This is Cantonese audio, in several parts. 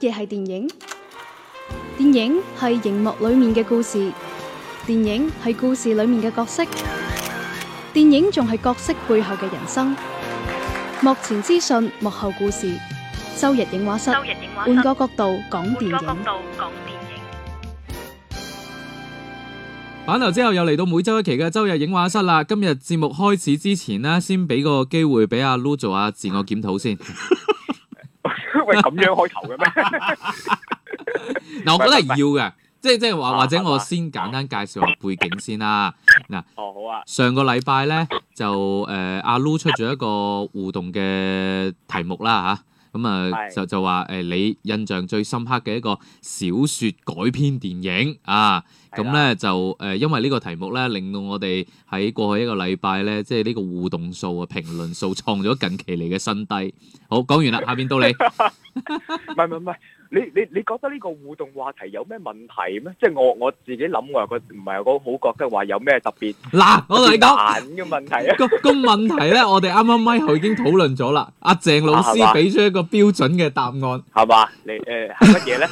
乜嘢係電影？電影係熒幕裏面嘅故事，電影係故事裏面嘅角色，電影仲係角色背後嘅人生。幕前資訊，幕後故事。周日影畫室，換個角度，個角度講電影。版頭之後又嚟到每周一期嘅周日影畫室啦。今日節目開始之前呢，先俾個機會俾阿 Lu 做下自我檢討先。 咁 樣開頭嘅咩？嗱， 我覺得係要嘅，即係即係話，或者我先簡單介紹下背景先啦。嗱，哦，好啊，上個禮拜咧就誒、呃、阿 Lu 出咗一個互動嘅題目啦嚇，咁啊就就話誒、呃、你印象最深刻嘅一個小說改編電影啊。咁咧就誒、呃，因為呢個題目咧，令到我哋喺過去一個禮拜咧，即係呢個互動數啊、評論數創咗近期嚟嘅新低。好，講完啦，下邊到你。唔係唔係唔係。你你你覺得呢個互動話題有咩問題咩？即係我我自己諗我又個唔係個好覺得話有咩特別嗱，我同你講個個問題咧， 我哋啱啱咪後已經討論咗啦。阿鄭老師俾咗、啊、一個標準嘅答案，係嘛？你誒係乜嘢咧？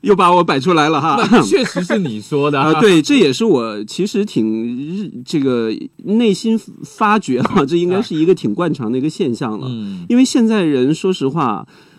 要、呃、 把我擺出來了哈，確、啊、實是你說的、 啊。對，這也是我其實挺這個內心發覺，哈、啊，這應該是一個挺慣常的一個現象了。嗯、因為現在人，說實話。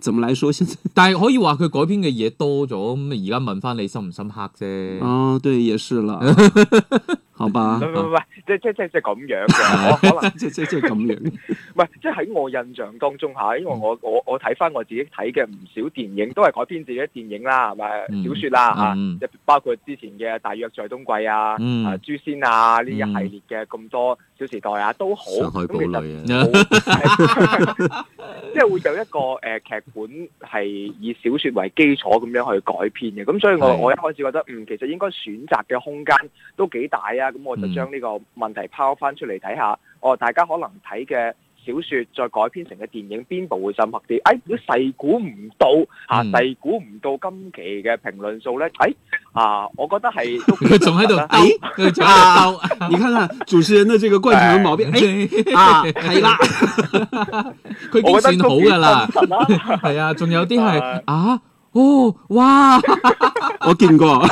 怎麼來說？現在，但係可以話佢改編嘅嘢多咗，咁而家問翻你深唔深刻啫？哦，對，也是啦，好吧。唔唔唔，即即即即咁樣嘅，可能即即即咁樣。唔係，即喺我印象當中吓，因為我我我睇翻我自己睇嘅唔少電影，都係改編自己嘅電影啦，係咪？小說啦吓，包括之前嘅《大約在冬季》啊，《啊誅仙》啊呢一系列嘅咁多《小時代》啊，都好。上即係會有一個誒劇。本係以小説為基礎咁樣去改編嘅，咁所以我我一開始覺得，嗯，其實應該選擇嘅空間都幾大啊，咁我就將呢個問題拋翻出嚟睇下，哦，大家可能睇嘅小說再改編成嘅電影，邊部會深刻啲？哎，如果細估唔到，吓細估唔到今期嘅評論數咧，哎啊，我覺得係仲喺度，佢仲喺度鬥。啊啊啊、你看看主持人的這個慣性毛病，哎，哎啊，係啦，佢 幾經算好噶的啦，係 啊，仲有啲係啊，哦，哇， 我見過，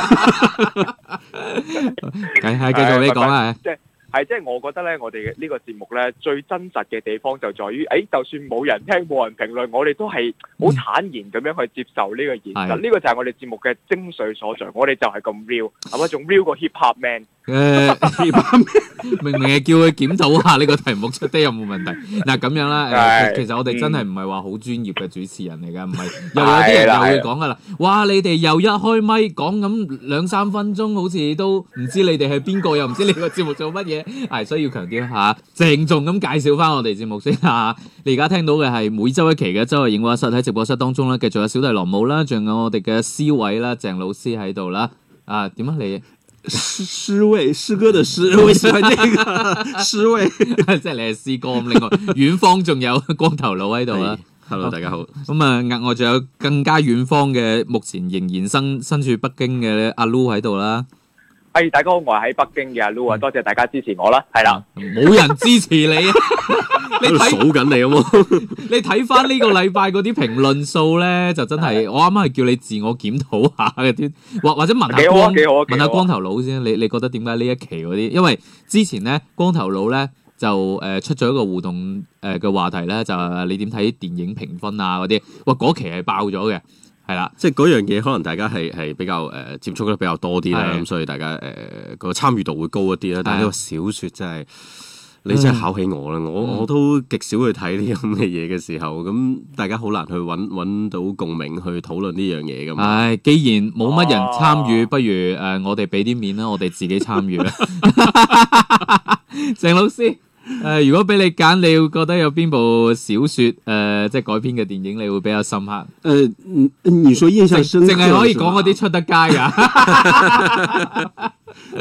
係，係繼續你講啦，拜拜。係，即係我覺得咧，我哋呢個節目咧最真實嘅地方就在於，誒、欸，就算冇人聽，冇人評論，我哋都係好坦然咁樣去接受呢個現實。嗱、嗯，呢個就係我哋節目嘅精髓所在。我哋就係咁 real，係咪？仲 real 過 hip hop man？hip hop 明明係叫佢檢討下呢個題目出得有冇問題？嗱， 咁樣啦，的其實我哋真係唔係話好專業嘅主持人嚟嘅，唔係又有啲人又會講噶啦。哇，你哋又一開咪講咁兩三分鐘，好似都唔知你哋係邊個，又唔知你，知你個節目做乜嘢。係需、啊、要強調下，鄭重咁介紹翻我哋節目先啊！你而家聽到嘅係每周一期嘅周日影話室，喺直播室當中咧，繼續有小弟羅武啦，仲有我哋嘅思偉啦，鄭老師喺度啦。啊，點樣啊你？詩偉，詩歌的詩，會唔會係呢個詩偉？ 即係你係詩哥。咁。另外，遠方仲有光頭佬喺度啦。Hello，大家好。咁 okay.、嗯、啊，額外仲有更加遠方嘅，目前仍然身身處北京嘅阿 Lu 喺度啦。哎，hey，大哥，我係喺北京嘅阿 Lu 啊，多謝大家支持我啦，係啦、嗯，冇的人支持你，你數緊你啊？嘛，你睇翻呢個禮拜嗰啲評論數咧，就真係 我啱啱係叫你自我檢討下嘅，或或者問下光，問下光頭佬先，你你覺得點解呢一期嗰啲？因為之前咧，光頭佬咧就誒、呃、出咗一個互動誒嘅話題咧，就係你點睇電影評分啊嗰啲，哇，嗰期係爆咗嘅。係啦，即係嗰樣嘢，可能大家係係比較誒、呃、接觸得比較多啲啦，咁的、嗯、所以大家誒個參與度會高一啲啦。但係呢個小說真係的你真係考起我啦唉，我我都極少去睇啲咁嘅嘢嘅時候，咁大家好難去揾揾到共鳴去討論呢樣嘢噶。唉、哎，既然冇乜人參與，啊、不如誒我哋俾啲面啦，我哋自己參與啦，鄭 老師。誒、呃，如果俾你揀，你會覺得有邊部小說誒、呃，即係改編嘅電影你會比較深刻？誒、呃，你你說印象深刻，淨係可以講嗰啲出得街啊，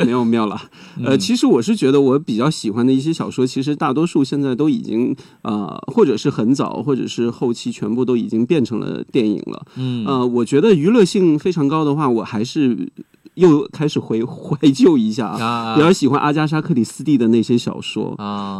沒有沒有啦。誒、呃，其實我是覺得我比較喜歡嘅一些小說，其實大多數現在都已經啊、呃，或者是很早，或者是後期全部都已經變成了電影了。嗯、啊、呃，我覺得娛樂性非常高嘅話，我還是又開始懷懷舊一下，比較喜歡阿加莎克里斯蒂的那些小說啊。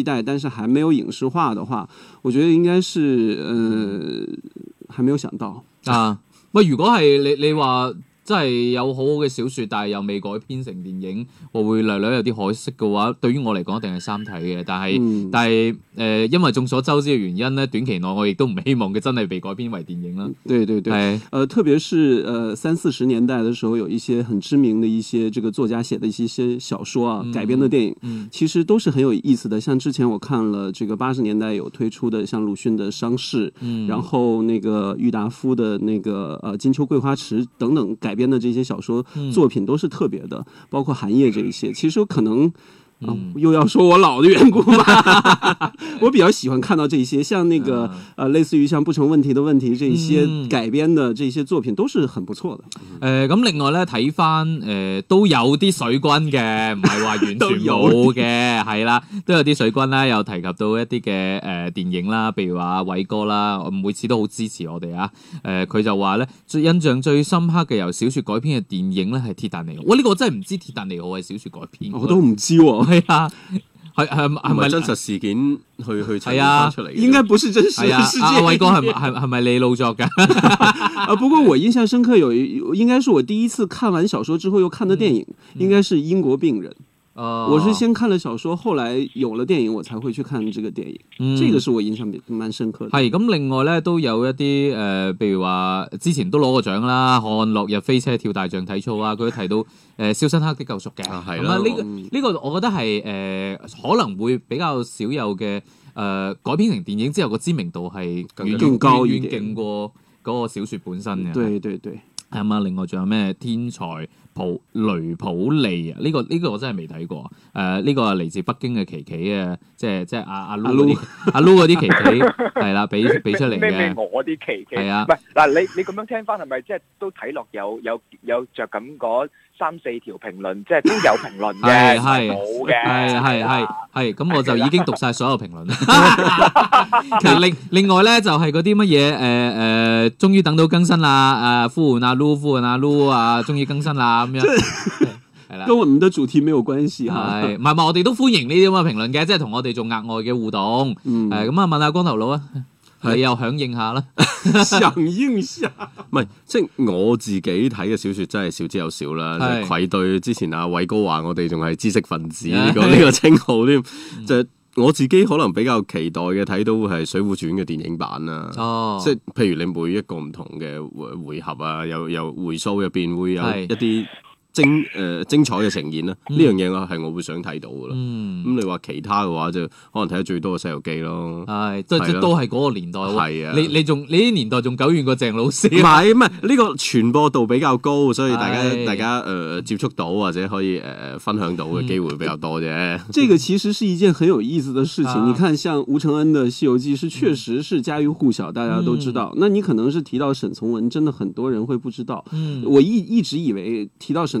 一代，但係，還沒有影視化的話，我覺得應該是，嗯、呃，還沒有想到啊。喂，如果係你，你話。真係有好好嘅小説，但係又未改編成電影，我會略略有啲可惜嘅話，對於我嚟講一定係三體嘅。但係、嗯、但係誒、呃，因為眾所周知嘅原因咧，短期內我亦都唔希望佢真係被改編為電影啦。對對對，係誒是、呃，特別是誒、呃、三四十年代嘅時候，有一些很知名嘅一些這個作家寫的一些小說啊，嗯、改編的電影，嗯嗯嗯、其實都是很有意思的。像之前我看了這個八十年代有推出的，像魯迅的《傷逝》，嗯、然後那個郁達夫的那個、呃、《金秋桂花池》等等改編的這些小說作品都是特別的，包括寒夜這一些，其實可能。哦、又要說我老的緣故嘛？ 我比較喜歡看到這些，像那個，呃，類似於像不成問題的問題，這些改編的這些作品都是很不錯的。誒、嗯，咁、嗯嗯呃嗯、另外咧，睇翻誒都有啲水軍嘅，唔係話完全冇嘅，係 都有 啦，都有啲水軍啦，又提及到一啲嘅誒電影啦，譬如話偉哥啦，每次都好支持我哋啊。誒、呃，佢就話咧最印象最深刻嘅由小說改編嘅電影咧係鐵達尼，這個、我呢個真係唔知鐵達尼係咪小說改編，我都唔知喎。 係啊，係係係咪真實事件去、啊、去出版出嚟？應該不算真實是、啊。阿偉哥係係係咪你老作嘅 啊？不過我印象深刻有，有一應該是我第一次看完小說之後又看的電影，嗯、應該是《英國病人》嗯。 Uh, 我是先看了小說，後來有了電影，我才會去看這個電影。嗯，這個是我印象蠻深刻的。係咁，另外咧都有一啲誒，譬、呃、如話之前都攞過獎啦，看《落日飛車》、《跳大象體操》啊，佢都提到誒《肖、呃、申克的救贖》嘅、 嗯。係啦，呢個呢個，這個、我覺得係誒、呃、可能會比較少有嘅誒、呃、改編成電影之後個知名度係更遠遠勁過嗰個小說本身嘅、嗯嗯。對對對。對對對。係啊，另外仲有咩天才普雷普利啊？呢、這個呢、這個我真係未睇過。誒、呃，呢、這個係嚟自北京嘅琪琪啊，即係即係阿阿 Loo 阿 Loo 嗰啲琪琪，係啦、嗯，俾俾出嚟嘅。咩咩我啲琪琪係啊，唔嗱，你你咁樣聽翻係咪即係都睇落有有有着感覺？三四條評論，即係都有評論嘅，冇嘅，係係係係咁，我就已經讀晒所有評論。另另外咧，就係嗰啲乜嘢誒誒，終於等到更新啦！啊，呼喚阿 Lu，呼喚阿 Lu 啊，終於更新啦咁樣。係啦，都同我們的主題沒有關係吓。係，唔係唔係，我哋都歡迎呢啲咁嘅評論嘅，即係同我哋做額外嘅互動。嗯，係咁啊，問下光頭佬啊。是你又響應下啦，上應上，唔係即我自己睇嘅小說真係少之又少啦，是愧對之前阿偉哥話我哋仲係知識分子呢、呢個呢 個稱號添， 就我自己可能比較期待嘅睇到係《水滸傳》嘅電影版啦、啊，哦、即譬如你每一個唔同嘅回合啊，又又回數入邊會有一啲。精誒精彩嘅呈現啦，呢樣嘢我係我會想睇到噶啦。咁你話其他嘅話就可能睇得最多嘅《西遊記》咯。係，都都係嗰個年代。係啊，你你仲你啲年代仲久遠過鄭老師。唔係，唔係呢個傳播度比較高，所以大家大家誒接觸到或者可以誒分享到嘅機會比較多啫。呢個其實是一件很有意思嘅事情。你看，像吳承恩的《西遊記》是確實是家喻戶曉，大家都知道。那你可能是提到沈從文，真的很多人會不知道。我一一直以為提到沈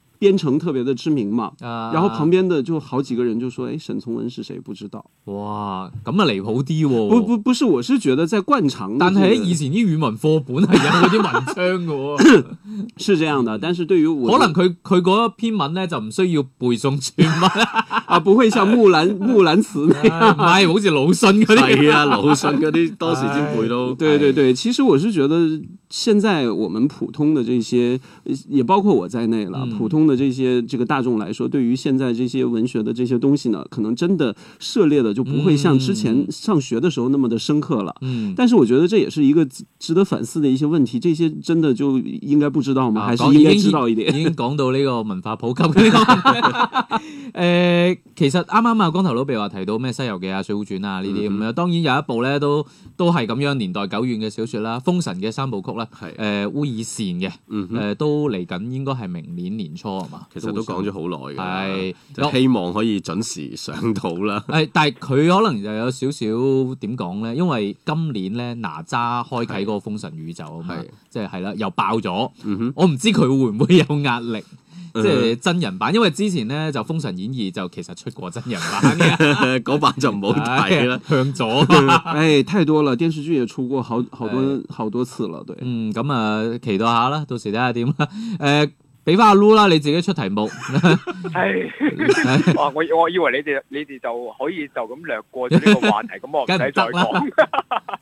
邊城特別的知名嘛，然後旁邊的就好幾個人就說：哎，沈從文是誰？不知道。哇，咁啊離譜啲喎！不不不是，我是覺得在慣常，但係以前啲語文課本係有嗰啲文章噶喎。是這樣的，但是對於可能佢佢嗰篇文咧就唔需要背誦全文，啊，不會像《木蘭木蘭辭》那樣，唔係好似魯迅嗰啲。係啊，魯迅嗰啲當時先背到。對對對，其實我是覺得。現在我們普通的這些，也包括我在內了。嗯、普通的這些這個大眾來說，對於現在這些文學的這些東西呢，可能真的涉獵的就不會像之前上學的時候那麼的深刻了。嗯，但是我覺得這也是一個值得反思的一些問題。這些真的就應該不知道嗎？啊、還是應該知道一點？已經，已經講到呢個文化普及呢個。誒，其實啱啱啊，光頭佬譬如話提到咩《西遊記》啊、《水滸傳》啊呢啲咁樣。當然有一部咧，都都係咁樣年代久遠嘅小說啦，《封神》嘅三部曲啦。係，誒是、呃，烏爾善嘅，誒、嗯哼呃，都嚟緊，應該係明年年初係嘛？其實都講咗好耐嘅，係是，希望可以準時上到啦。誒，但係佢可能就有少少點講咧，因為今年咧哪吒開啟嗰個封神宇宙啊嘛，即係係啦，又爆咗，嗯、哼我唔知佢會唔會有壓力。即係真人版，因為之前咧就《封神演義》就其實出過真人版嘅，嗰版 就唔好睇啦。哎、向左，唉、 哎，太多啦！電視劇又出過好好多、哎、好多次啦，對。嗯，咁、嗯、啊，期、嗯、待下啦，到時睇下點啦。誒、呃，俾翻阿 Lu 啦，你自己出題目。係 我我以為你哋你哋就可以就咁略過咗呢個話題，咁 我唔使再講。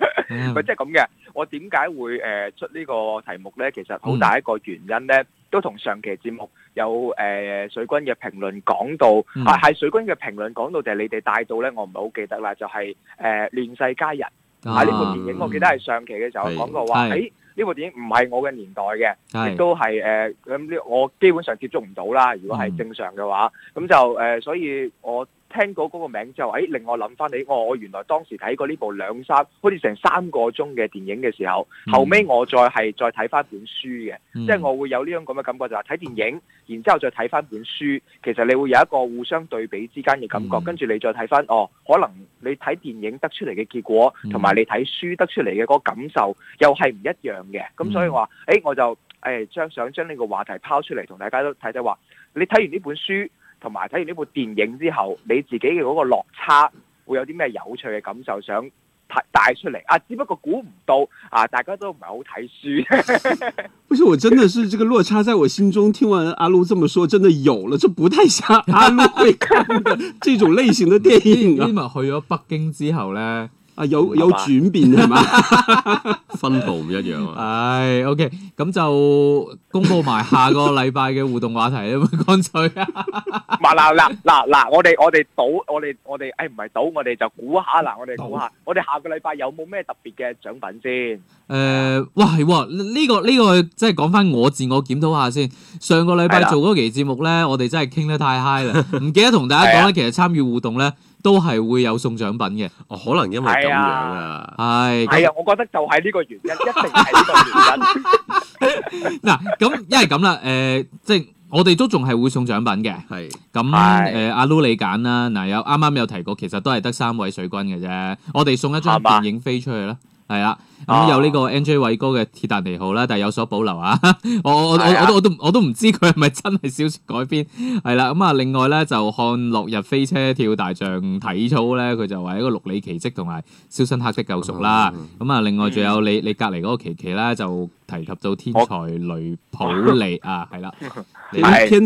即係咁嘅，我點解會誒出呢個題目呢？其實好大一個原因呢，都同上期節目有誒、呃、水軍嘅評論講到，係係、mm hmm. 啊、水軍嘅評論講到，定係你哋帶到呢。我唔係好記得啦。就係誒亂世佳人啊呢部電影，我記得係上期嘅時候講過話，誒呢部電影唔係我嘅年代嘅，亦是都係誒咁呢，我基本上接觸唔到啦。如果係正常嘅話，咁、mm hmm. 就誒、呃、所,所以我。聽過嗰個名之後，誒、哎，令我諗翻起，哦，我原來當時睇過呢部兩三，好似成三個鐘嘅電影嘅時候，後尾我再係再睇翻本書嘅，嗯、即係我會有呢種咁嘅感覺，就話、是、睇電影，然之後再睇翻本書，其實你會有一個互相對比之間嘅感覺，跟住、嗯、你再睇翻，哦，可能你睇電影得出嚟嘅結果，同埋、嗯、你睇書得出嚟嘅嗰個感受，又係唔一樣嘅，咁、嗯、所以話，誒、哎，我就誒，哎、就想想將呢個話題拋出嚟，同大家都睇睇話，你睇完呢本書。同埋睇完呢部電影之後，你自己嘅嗰個落差會有啲咩有趣嘅感受？想帶出嚟啊！只不過估唔到啊，大家都唔係好睇書。 不是我真的是，這個落差在我心中，聽完阿露這麼說，真的有了。就不太像阿露會看的這種類型的電影啊。今日去咗北京之後咧。啊有有轉變係嘛？分佈唔一樣啊！係 OK，咁就公佈埋下個禮拜嘅互動話題啊！唔該，乾脆啦！嗱嗱嗱嗱嗱，我哋我哋賭我哋我哋誒唔係賭我哋就估下嗱！我哋估下，我哋下個禮拜有冇咩特別嘅獎品先？誒哇係喎！呢個呢個即係講翻我自我檢討下先。上個禮拜做嗰期節目咧，我哋真係傾得太 high 啦！唔記得同大家講咧，其實參與互動咧。都係會有送獎品嘅，哦，可能因為咁樣啊，係，係啊，我覺得就係呢個原因， 一定係呢個原因。嗱， 咁因為咁啦，誒、呃，即係我哋都仲係會送獎品嘅，係，咁誒，阿 Lu 你揀啦，嗱、呃，有啱啱有提過，其實都係得三位水軍嘅啫，我哋送一張電影飛出去啦。係啦，咁有呢個 N.J. 偉哥嘅《鐵達尼號》啦，但係有所保留啊！我我我我都我都唔知佢係咪真係小說改編？係啦，咁、嗯、啊，另外咧就看落日飛車、跳大象、體操咧，佢就話一個綠里奇蹟同埋《肖申克的救贖》啦。咁、嗯、啊，嗯嗯嗯、另外仲有你你隔離嗰個琪琪咧，就提及到天才雷、啊、普利啊，係啦，係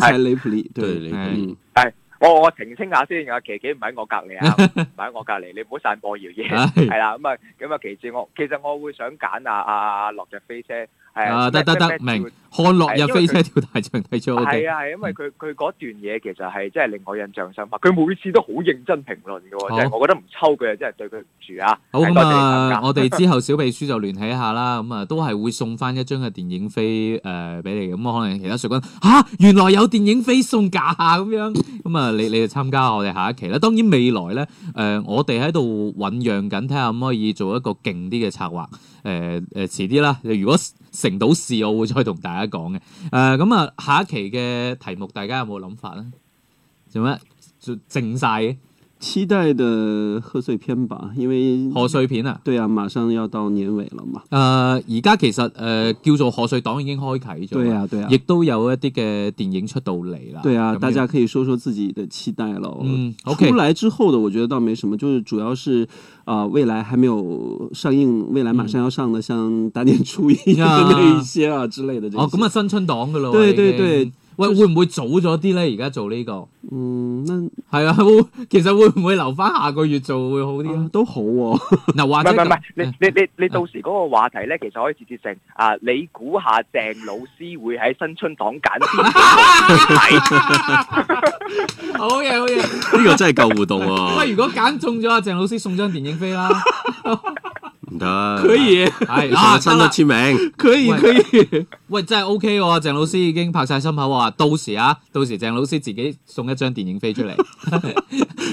係。我、oh, 我澄清下先啊，琪琪唔喺我隔籬啊，唔喺我隔籬，你唔好散播謠言。係啦， 咁啊，咁啊，其次我其實我會想揀啊，阿阿樂隻飛車，係啊，得得得明。看落日飛車跳大象睇咗嘅，係啊係，因為佢佢嗰段嘢其實係真係令我印象深刻。佢每次都好認真評論嘅喎，即係我覺得唔抽佢係真係對佢唔住啊！好嘛，我哋之後小秘書就聯繫一下啦。咁啊，都係會送翻一張嘅電影飛誒俾你。咁啊，可能其他水軍嚇原來有電影飛送㗎咁樣。咁啊，你你參加我哋下一期啦。當然未來咧誒，我哋喺度醞釀緊，睇下可唔可以做一個勁啲嘅策劃誒誒，遲啲啦。你如果成到事，我會再同大家。講嘅，誒，咁啊，下一期嘅題目，大家有冇諗法咧？做咩做靜晒？嘅期待的賀歲片吧，因為賀歲片啊，對啊，馬上要到年尾了嘛。誒、呃，而家其實誒、呃、叫做賀歲檔已經開啟咗，對啊，對啊，亦都有一啲嘅電影出到嚟啦。對啊，大家可以說說自己的期待咯。嗯、mm,，OK。出來之後的我覺得倒沒什麼，就是主要是啊、嗯、未來還沒有上映，未來馬上要上的，像大年初一嘅 Yeah. 那一些啊之類的。 哦，咁啊，新春檔噶咯，對，對對對。喂，會唔會早咗啲咧？而家做呢、這個，嗯，係啊，其實會唔會留翻下個月做會好啲、啊？啊？都好嗱、啊， 或者唔係唔係，你、哎、你你你到時嗰個話題咧，其實可以直接成啊，你估下鄭老師會喺新春檔揀邊部係，好嘢，好嘢，呢個真係夠互動啊！喂，如果揀中咗阿鄭老師，送張電影飛啦！ 得，可以，係仲要親得簽名，可以可以，喂真係 O K 喎，鄭老師已經拍晒心口話，到時啊，到時鄭老師自己送一張電影飛出嚟。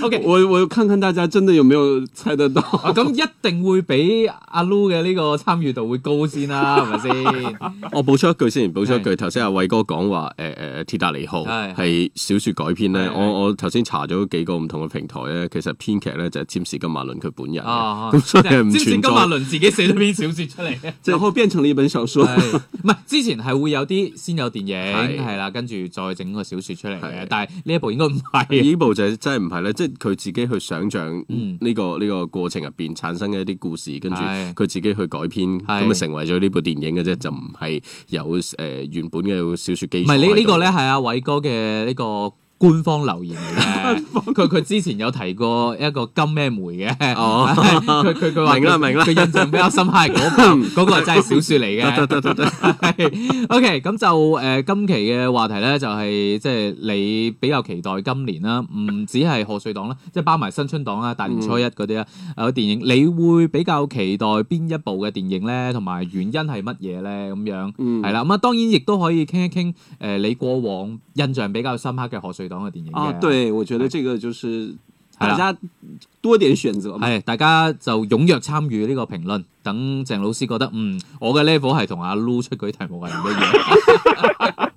O K，我我看看大家真的有沒有猜得到？咁一定會比阿 Lu 嘅呢個參與度會高先啦，係咪先？我補充一句先，補充一句，頭先阿偉哥講話，誒誒，《鐵達尼號》係小說改編咧，我我頭先查咗幾個唔同嘅平台咧，其實編劇咧就係占士金馬倫佢本人，咁所以唔存在。 自己寫咗篇小説出嚟咧，即係可以變成呢本小説，唔係之前係會有啲先有電影，係啦是，跟住再整個小説出嚟嘅。是但係呢一部應該唔係，呢部就真係唔係咧，即係佢自己去想像呢、呢個呢、嗯、個過程入邊產生嘅一啲故事，跟住佢自己去改編，咁啊是成為咗呢部電影嘅啫，就唔係有誒原本嘅小説基礎。唔係呢，呢個咧係阿偉哥嘅呢個。官方留言嚟嘅，佢佢之前有提過一個金咩梅嘅，哦，佢佢佢話佢印象比較深刻，嗰個嗰個真係小説嚟嘅。OK，咁就誒今期嘅話題咧，就係即係你比較期待今年啦，唔止係賀歲檔啦，即係包埋新春檔啊、大年初一嗰啲啦，有電影，你會比較期待邊一部嘅電影咧？同埋原因係乜嘢咧？咁樣係啦，咁啊當然亦都可以傾一傾誒你過往印象比較深刻嘅賀歲。啊，對，我覺得這個就是大家。多一點選擇。係大家就踴躍參與呢個評論，等鄭老師覺得嗯，我嘅 level 係同阿 Lu 出嗰啲題目係唔一樣。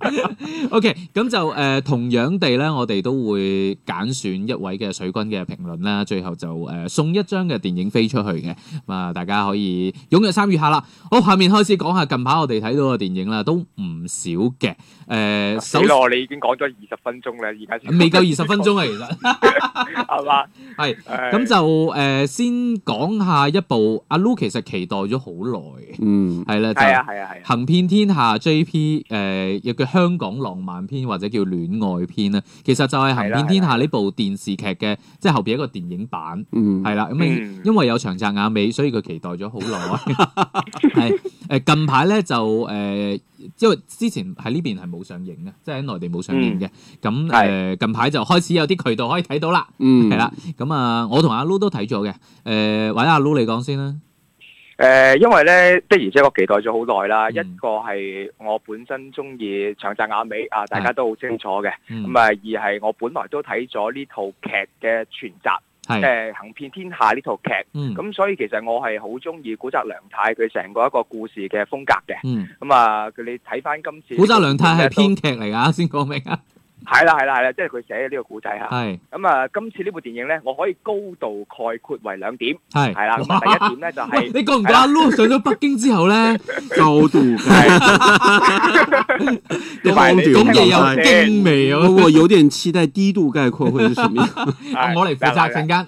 OK，咁就誒，同樣地咧，我哋都會揀選一位嘅水軍嘅評論啦，最後就誒、uh, 送一張嘅電影飛出去嘅，啊大家可以踴躍參與下啦。好，下面開始講下近排我哋睇到嘅電影啦，都唔少嘅。誒、啊，死咯，你已經講咗二十分鐘啦，而家未夠二十分鐘啊，其實係嘛？係誒。咁就誒先講下一部阿 Lucy 其實期待咗好耐嘅，嗯，係啦，就行遍天下 JP 誒、呃，又叫香港浪漫片或者叫戀愛片啦。其實就係行遍天下呢部電視劇嘅，即係的後邊一個電影版，嗯，係啦。咁因為有長澤雅美，所以佢期待咗好耐。係誒，近排咧就誒。因為之前喺呢邊係冇上映嘅，即係喺內地冇上映嘅。咁誒、嗯嗯、近排就開始有啲渠道可以睇到啦。係啦、嗯，咁啊，我同阿 Lu 都睇咗嘅。誒、呃，揾阿 Lu 你講先啦。誒，因為呢的而且確我期待咗好耐啦。嗯、一個係我本身中意長澤雅美啊，大家都好清楚嘅。咁啊、嗯，二係我本來都睇咗呢套劇嘅全集。係，誒是、呃，行遍天下呢套劇，咁、嗯、所以其實我係好中意古澤良太佢成個一個故事嘅風格嘅，咁、嗯、啊佢哋睇翻今次古澤良太係編劇嚟㗎，先講 明啊。係啦係啦係啦，即係佢寫嘅呢個古仔吓。係咁啊！今次呢部電影咧，我可以高度概括為兩點。係。係啦。第一點咧就係你覺唔覺阿 Lu？上咗北京之後咧，高度。係。咁亦有驚味啊。我有點期待低度概括會係什麼？我嚟負責陣間。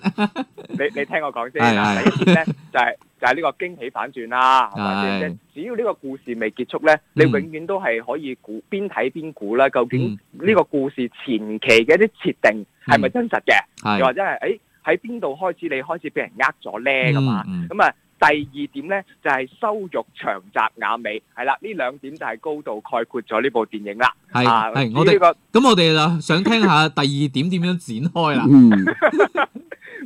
你你聽我講先。係係。第一點咧就係。但係呢個驚喜反轉啦，或者即只要呢個故事未結束咧，的你永遠都係可以估邊睇邊估啦。究竟呢個故事前期嘅一啲設定係咪真實嘅？又的或者係誒喺邊度開始你開始俾人呃咗咧？咁啊、嗯，咁啊，第二點咧就係收肉長集眼尾，係啦，呢兩點就係高度概括咗呢部電影啦。係我呢個咁，我哋啊想聽下第二點點樣展開啦。 唔嗱，呢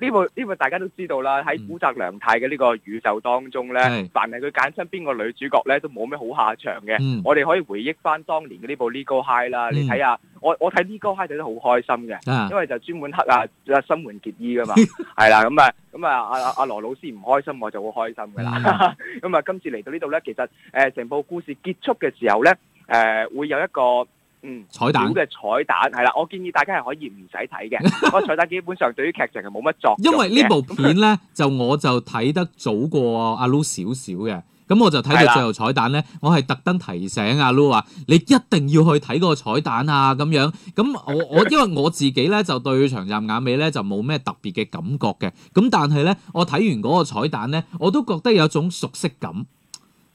呢 部呢部大家都知道啦。喺古宅良太嘅呢個宇宙當中咧，是凡係佢揀親邊個女主角咧，都冇咩好下場嘅。嗯、我哋可以回憶翻當年嘅呢部《Legal High》啦。嗯、你睇下，我我睇《Legal High》睇得好開心嘅，啊、因為就專門黑啊啊森滿結衣噶嘛，係啦。咁啊咁啊，阿阿、 嗯嗯啊、羅老師唔開心，我就好開心嘅啦。咁啊、 嗯，今次嚟到呢度咧，其實誒成、呃、部故事結束嘅時候咧，誒、呃、會有一個。嗯，彩蛋嘅彩蛋係啦，我建議大家係可以唔使睇嘅。我 彩蛋基本上對於劇情係冇乜作用嘅。因為呢部片咧， 就我就睇得早過阿 Lu 少少嘅，咁我就睇到最後彩蛋咧，我係特登提醒阿 Lu 話，啊，你一定要去睇個彩蛋啊，咁樣。咁我 我因為我自己咧就對長暫眼尾咧就冇咩特別嘅感覺嘅，咁但係咧我睇完嗰個彩蛋咧，我都覺得有種熟悉感。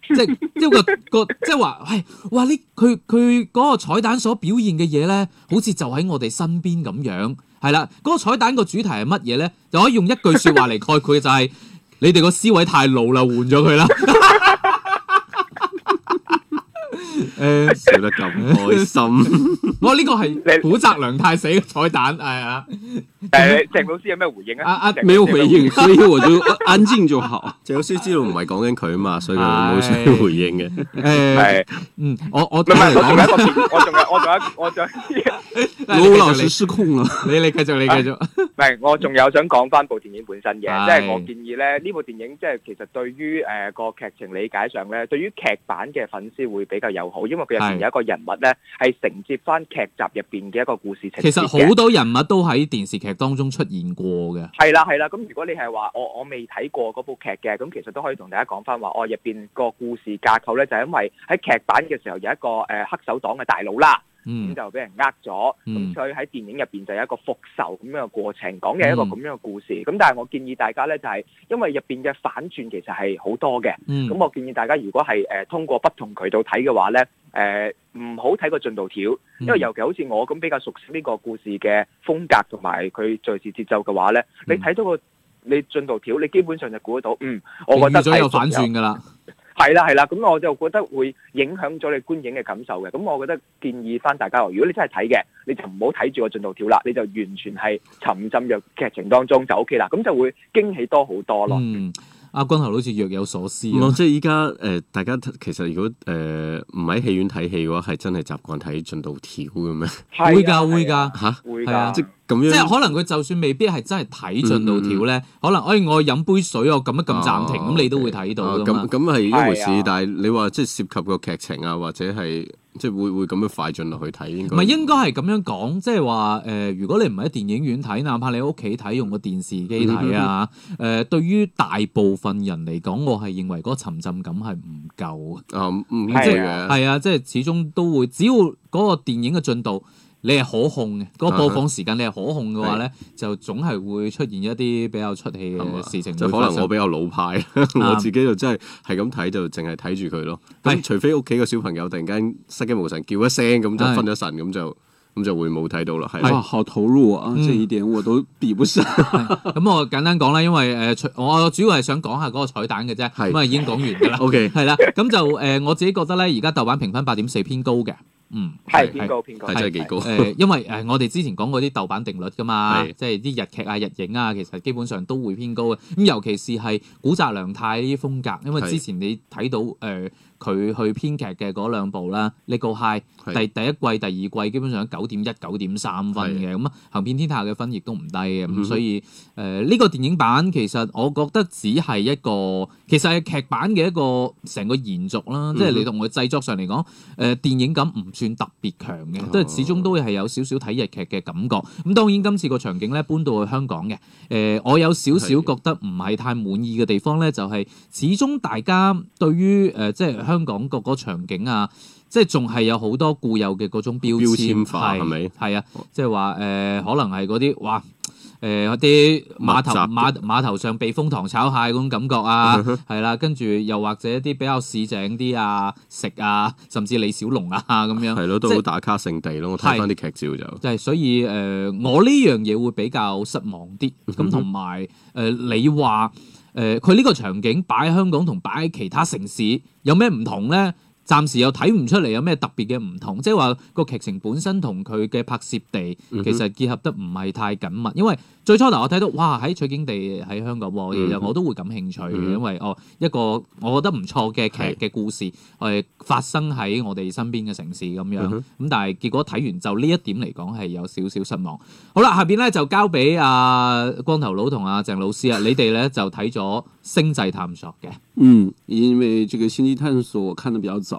即係一個個即係話係哇呢佢佢個彩蛋所表現嘅嘢咧，好似就喺我哋身邊咁樣，係啦。嗰個彩蛋個主題係乜嘢咧？就可以用一句說話嚟概括，就係你哋個思維太老啦，換咗佢啦。 誒，笑得咁開心，我呢個係古澤良太死彩蛋，係啊。誒，鄭老師有咩回應啊？阿阿冇回應，所以我就安靜就好。鄭老師知道唔係講緊佢嘛，所以佢冇需要回應嘅。誒，嗯，我我我仲有我仲有我仲有，老老師失控啦！你你繼續你繼續，唔係我仲有想講翻部電影本身嘅，即係我建議咧呢部電影，即係其實對於誒個劇情理解上咧，對於劇版嘅粉絲會比較友好。因為佢入邊有一個人物咧，係承接翻劇集入邊嘅一個故事情節。其實好多人物都喺電視劇當中出現過嘅。係啦，係啦。咁如果你係話我我未睇過嗰部劇嘅，咁其實都可以同大家講翻話，我入邊個故事架構咧，就係、是、因為喺劇版嘅時候有一個誒、呃、黑手黨嘅大佬啦，咁、嗯、就俾人呃咗，咁再喺電影入邊就有一個復仇咁樣嘅過程，講嘅一個咁樣嘅故事。咁、嗯、但係我建議大家咧，就係、是、因為入邊嘅反轉其實係好多嘅，咁、嗯、我建議大家如果係誒、呃、通過不同渠道睇嘅話咧。誒，唔好睇個進度條，因為尤其好似我咁比較熟悉呢個故事嘅風格同埋佢敘事節奏嘅話咧，嗯、你睇到個你進度條，你基本上就估得到。嗯，我覺得係。平咗反轉噶啦，係啦係啦，咁我就覺得會影響咗你觀影嘅感受嘅。咁我覺得建議翻大家，如果你真係睇嘅，你就唔好睇住個進度條啦，你就完全係沉浸入劇情當中就 OK 啦，咁就會驚喜多好多咯。嗯。阿君豪好似若有所思。 哦，即係依家誒，大家其實如果誒唔喺戲院睇戲嘅話，係真係習慣睇進度條嘅咩？會㗎會㗎嚇，係啊。會㗎。即係可能佢就算未必係真係睇進度條咧，可能哎我飲杯水，我撳一撳暫停，咁你都會睇到噶嘛。咁咁係一回事，但係你話即係涉及個劇情啊，或者係即係會會咁樣快進落去睇？唔係應該係咁樣講，即係話誒，如果你唔喺電影院睇，哪怕你喺屋企睇用個電視機睇啊，誒，對於大部分人嚟講，我係認為嗰個沉浸感係唔夠啊，係啊，即係始終都會，只要嗰個電影嘅進度。你係可控嘅，嗰的個播放時間你係可控嘅話咧，的就總係會出現一啲比較出戲嘅事情。就可能我比較老派，的 我自己就真係係咁睇，就淨係睇住佢咯。的除非屋企個小朋友突然間失驚無神叫一聲，咁就分咗神，咁就咁就會冇睇到啦。係好投入啊，這一點我都比不上。咁、嗯、 我簡單講啦，因為誒、呃，我主要係想講下嗰個彩蛋嘅啫，咁啊的已經講完噶啦。OK，係啦，咁就誒、呃，我自己覺得咧，而家豆瓣評分八點四偏高嘅。嗯，係偏高，真係幾高。嗯嗯、因為誒，我哋、嗯呃、之前講過啲豆瓣定律噶嘛，即係啲日劇啊、日影啊，其實基本上都會偏高嘅。咁尤其是係古澤良太呢啲風格，因為之前你睇到誒。是呃佢去編劇嘅嗰兩部啦，《Legal High》第第一季、第二季基本上九點一、九點三分嘅，咁啊《行遍天下》嘅分亦都唔低嘅，咁所以誒呢、呃這個電影版其實我覺得只係一個，其實係劇版嘅一個成個延續啦，即係你同佢製作上嚟講，誒、呃、電影感唔算特別強嘅，即係始終都係有少少睇日劇嘅感覺。咁當然今次個場景咧搬到去香港嘅，誒、呃、我有少少覺得唔係太滿意嘅地方咧，就係、是、始終大家對於誒、呃、即係。香港各個嗰場景啊，即係仲係有好多固有嘅嗰種標籤化，係咪是？係啊，即係話誒，可能係嗰啲哇，誒嗰啲碼頭碼碼頭上避風塘炒蟹嗰種感覺啊，係啦、嗯哼啊，跟住又或者一啲比較市井啲啊食啊，甚至李小龍啊咁樣。係咯，都好打卡聖地咯、啊，我睇返啲劇照就。即係所以誒、呃，我呢樣嘢會比較失望啲，咁同埋誒你話。 誒，佢呢、呃、個場景擺喺香港同擺喺其他城市有咩唔同咧？暫時又睇唔出嚟有咩特別嘅唔同，即係話個劇情本身同佢嘅拍攝地其實結合得唔係太緊密。因為最初頭，我睇到哇喺取景地喺香港，其實我都會感興趣，因為哦，一個我覺得唔錯嘅劇嘅故事係發生喺我哋身邊嘅城市咁樣。咁但係結果睇完就呢一點嚟講係有少少失望。好啦，下邊咧就交俾阿光頭佬同阿鄭老師啊，你哋咧就睇咗《星際探索》嘅。嗯，因為呢個《星際探索》我看得比較早。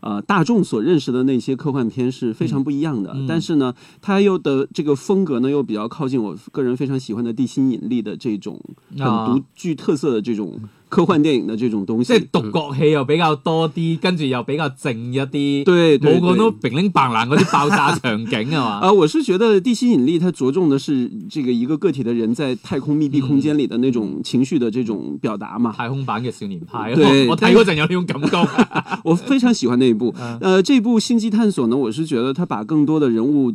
呃，大眾所認識的那些科幻片是非常不一樣的，嗯嗯、但是呢，它又的這個風格呢又比較靠近我個人非常喜歡的《地心引力》的這種很獨具特色的這種科幻電影的這種東西。啊嗯、即係獨角戲又比較多啲，跟住又比較靜一啲。對，冇嗰種乒呤乓啷嗰啲爆炸場景啊嘛。 呃，我是覺得《地心引力》它着重的是這個一個個體的人在太空密閉空間裏的那種情緒的這種表達嘛。嗯、太空版嘅少年派，對、哦、我睇嗰陣有呢種感覺， 我非常喜歡那。這一部，嗯、呃，這部《星際探索》呢，我是覺得他把更多的人物。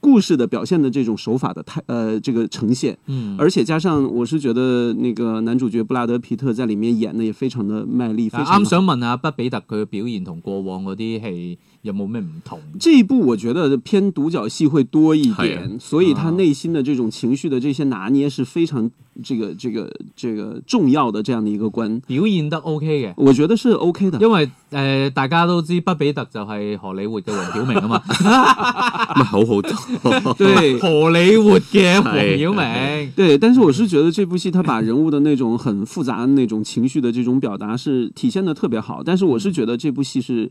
故事的表現的這種手法的太，呃，這個呈現，嗯、而且加上我是覺得，那個男主角布拉德皮特在裡面演的也非常的賣力。我啱、嗯嗯、想問下不比特佢嘅表現同過往嗰啲戲，有冇咩唔同？這一部我覺得偏獨角戲會多一點，啊、所以他內心的這種情緒的這些拿捏是非常這個、這個、這個重要的。這樣的一個關表現得 OK 嘅，我覺得是 OK 的。因為誒、呃，大家都知，布比特就係荷里活嘅黃曉明啊嘛，好好睇。對， 荷里活嘅黃曉明。 對，但是我是覺得這部戲，他把人物的那種很複雜、那種情緒的這種表達，是體現得特別好。 但是我是覺得這部戲是。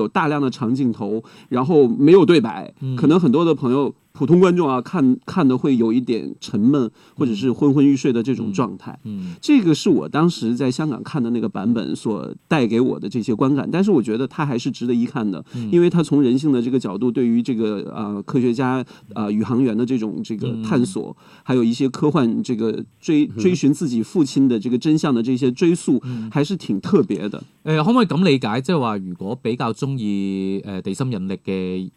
有大量的長鏡頭，然後沒有對白，可能很多的朋友。普通觀眾啊，看看的會有一點沉悶，或者是昏昏欲睡的這種狀態。嗯，嗯這個是我當時在香港看的那個版本所帶給我的這些觀感，但是我覺得它還是值得一看的，因為它從人性的這個角度，對於這個啊、呃、科學家啊、呃、宇航員的這種這個探索，還有一些科幻這個追追，追尋自己父親的這個真相的這些追溯，還是挺特別的。誒、嗯嗯欸，可不可以這麼理解，即係話如果比較中意誒地心引力的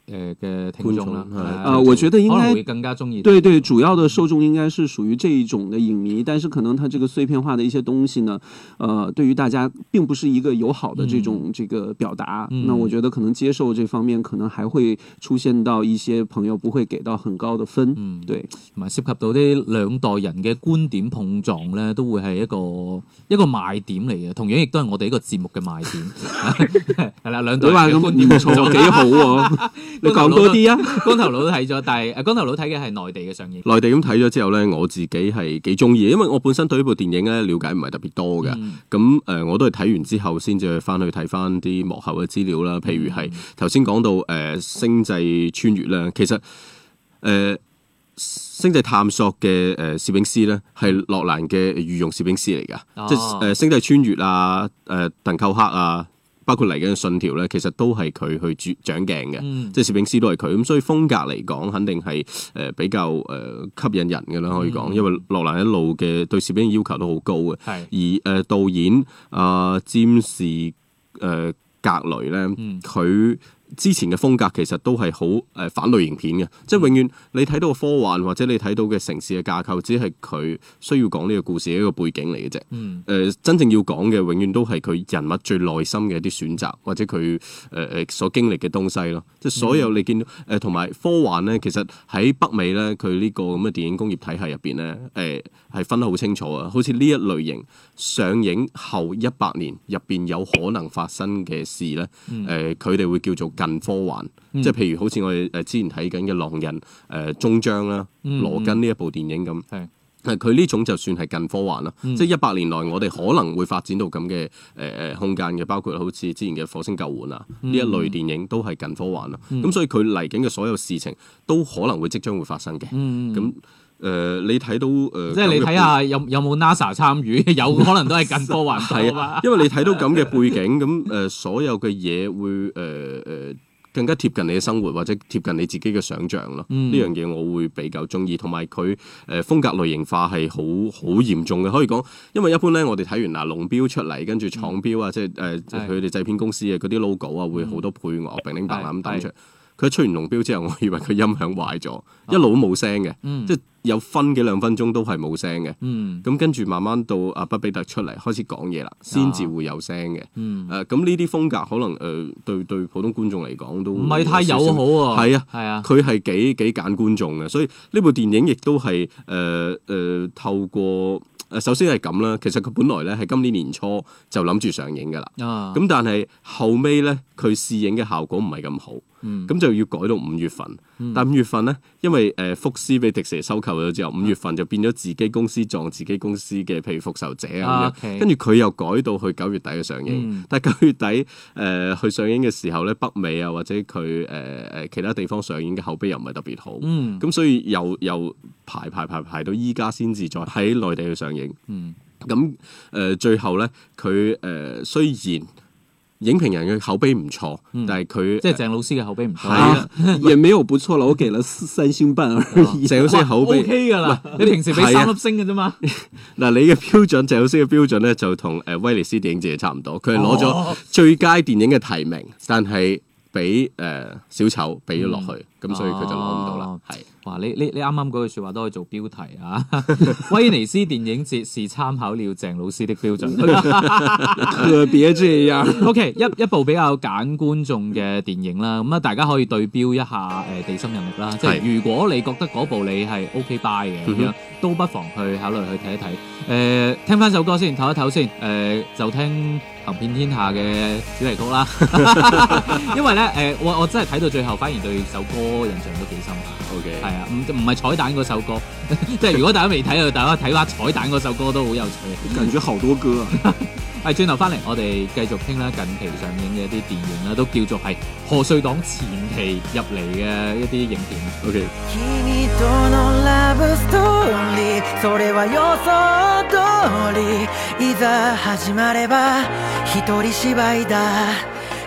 誒嘅聽眾呢？啊，我。我覺得應該會更加中意。對對，主要的受眾應該是屬於這一種的影迷，但是可能他這個碎片化的一些東西呢，呃，對於大家並不是一個友好的這種這個表達。嗯、那我覺得可能接受這方面可能還會出現到一些朋友不會給到很高的分。對、嗯。對、嗯。同埋涉及到啲兩代人嘅觀點碰撞咧，都會係一個一個賣點嚟嘅，同樣亦都係我哋一個節目嘅賣點。係啦， 兩代人嘅觀點碰撞幾好喎，你講多啲啊， 光頭佬都睇咗。係，光頭佬睇嘅係內地嘅上映。內地咁睇咗之後咧，我自己係幾中意，因為我本身對呢部電影咧了解唔係特別多嘅。咁誒、嗯呃，我都係睇完之後先至去翻去睇翻啲幕後嘅資料啦。譬如係頭先講到誒、呃《星際穿越》啦、呃，其實誒、呃《星際探索》嘅誒攝影師咧係諾蘭嘅御用攝影師嚟噶，哦、即係誒、呃《星際穿越》啊，誒鄧寇克啊。包括嚟緊嘅信條咧，其實都係佢去主掌鏡嘅，嗯、即攝影師都係佢，咁所以風格嚟講，肯定係誒、呃、比較誒、呃、吸引人嘅啦，可以講，嗯、因為洛蘭一路嘅對攝影嘅要求都好高嘅，是而誒、呃、導演阿占士誒格雷咧，佢、嗯。之前嘅風格其實都係好誒反類型片嘅，即係永遠你睇到個科幻或者你睇到嘅城市嘅架構，只係佢需要講呢個故事嘅一個背景嚟嘅啫。誒、嗯呃、真正要講嘅永遠都係佢人物最內心嘅一啲選擇，或者佢誒誒所經歷嘅東西咯。即係所有你見到誒同埋科幻咧，其實喺北美咧，佢呢個咁嘅電影工業體系入邊咧，誒、呃、係分得好清楚啊。好似呢一類型上映後一百年入邊有可能發生嘅事咧，誒佢哋會叫做近科幻，即係譬如好似我哋誒之前睇緊嘅《狼人》誒終、呃、章啦，《羅根》呢一部電影咁，係、嗯，佢、嗯、呢種就算係近科幻啦。嗯、即係一百年來，我哋可能會發展到咁嘅誒誒空間嘅，包括好似之前嘅《火星救援》啊呢一類電影，都係近科幻啦。咁、嗯嗯、所以佢嚟緊嘅所有事情，都可能會即將會發生嘅。咁、嗯嗯誒，你睇到誒，即係你睇下有有冇 NASA 參與？有可能都係近科幻啲啦。因為你睇到咁嘅背景，咁誒所有嘅嘢會誒誒更加貼近你嘅生活，或者貼近你自己嘅想像咯。呢樣嘢我會比較中意，同埋佢誒風格類型化係好好嚴重嘅。可以講，因為一般咧，我哋睇完嗱龍標出嚟，跟住廠標啊，即係誒佢哋製片公司嘅嗰啲 logo 啊，會好多配樂 blingbling 咁打出。佢出完龍標之後，我以為佢音響壞咗，一路都冇聲嘅，即係。有分幾兩分鐘都係冇聲嘅，咁、嗯、跟住慢慢到阿畢、啊、比特出嚟，開始講嘢啦，先至會有聲嘅。誒、啊、咁呢啲風格可能誒、呃、對對普通觀眾嚟講都唔係太友好啊。係少啊，係啊，佢係幾幾揀觀眾嘅，所以呢部電影亦都係誒誒透過、啊、首先係咁啦。其實佢本來咧係今年年初就諗住上映噶啦，咁、啊、但係後尾咧佢試影嘅效果唔係咁好。咁、嗯、就要改到五月份，但五月份咧，因為誒、呃、福斯俾迪士尼收購咗之後，五月份就變咗自己公司撞自己公司嘅，譬如《復仇者》啊，okay. 跟住佢又改到去九月底，上、嗯月底呃、去上映，但九月底誒去上映嘅時候咧，北美啊或者佢誒誒其他地方上映嘅口碑又唔係特別好，咁、嗯、所以又又排排排排到依家先至再喺內地去上映，咁誒、嗯嗯嗯呃、最後咧佢誒雖然。雖然影評人嘅口碑唔錯，但係佢即係鄭老師嘅口碑唔錯，係啊，亦冇 有唔錯啦，我記啦三星半。鄭老師嘅口碑 OK 噶啦，啊、你平時俾三粒星嘅啫嘛。嗱、啊，你嘅標準鄭、 呃、老師嘅標準咧，就同誒威尼斯電影節差唔多，佢係攞咗最佳電影嘅提名，哦、但係俾誒小丑俾咗落去。嗯咁所以佢就攞唔到啦。係對哇，你你呢啱啱句說話都可以做標題啊！ 威尼斯電影節是參考了鄭老師的標準。別的專業啊。 OK，一一部比較揀觀眾嘅電影啦，咁啊大家可以對標一下誒、呃、地心引力啦。即係如果你覺得部你係 OK by 嘅咁樣都不妨去考慮去睇、呃、一睇。誒聽翻首歌先，唞一唞先。誒就聽行遍天下嘅主題曲啦。因為咧，誒我 我真係睇到最後反而對首歌。我印象都幾深刻，OK，係啊，唔唔係彩蛋嗰首歌，即 係如果大家未睇到， 大家睇翻彩蛋嗰首歌都好有趣。近咗 好多歌啊，係轉頭翻嚟，我哋繼續傾啦，近期上映嘅一啲電影啦，都叫做係賀歲檔前期入嚟嘅一啲影片 ，OK story。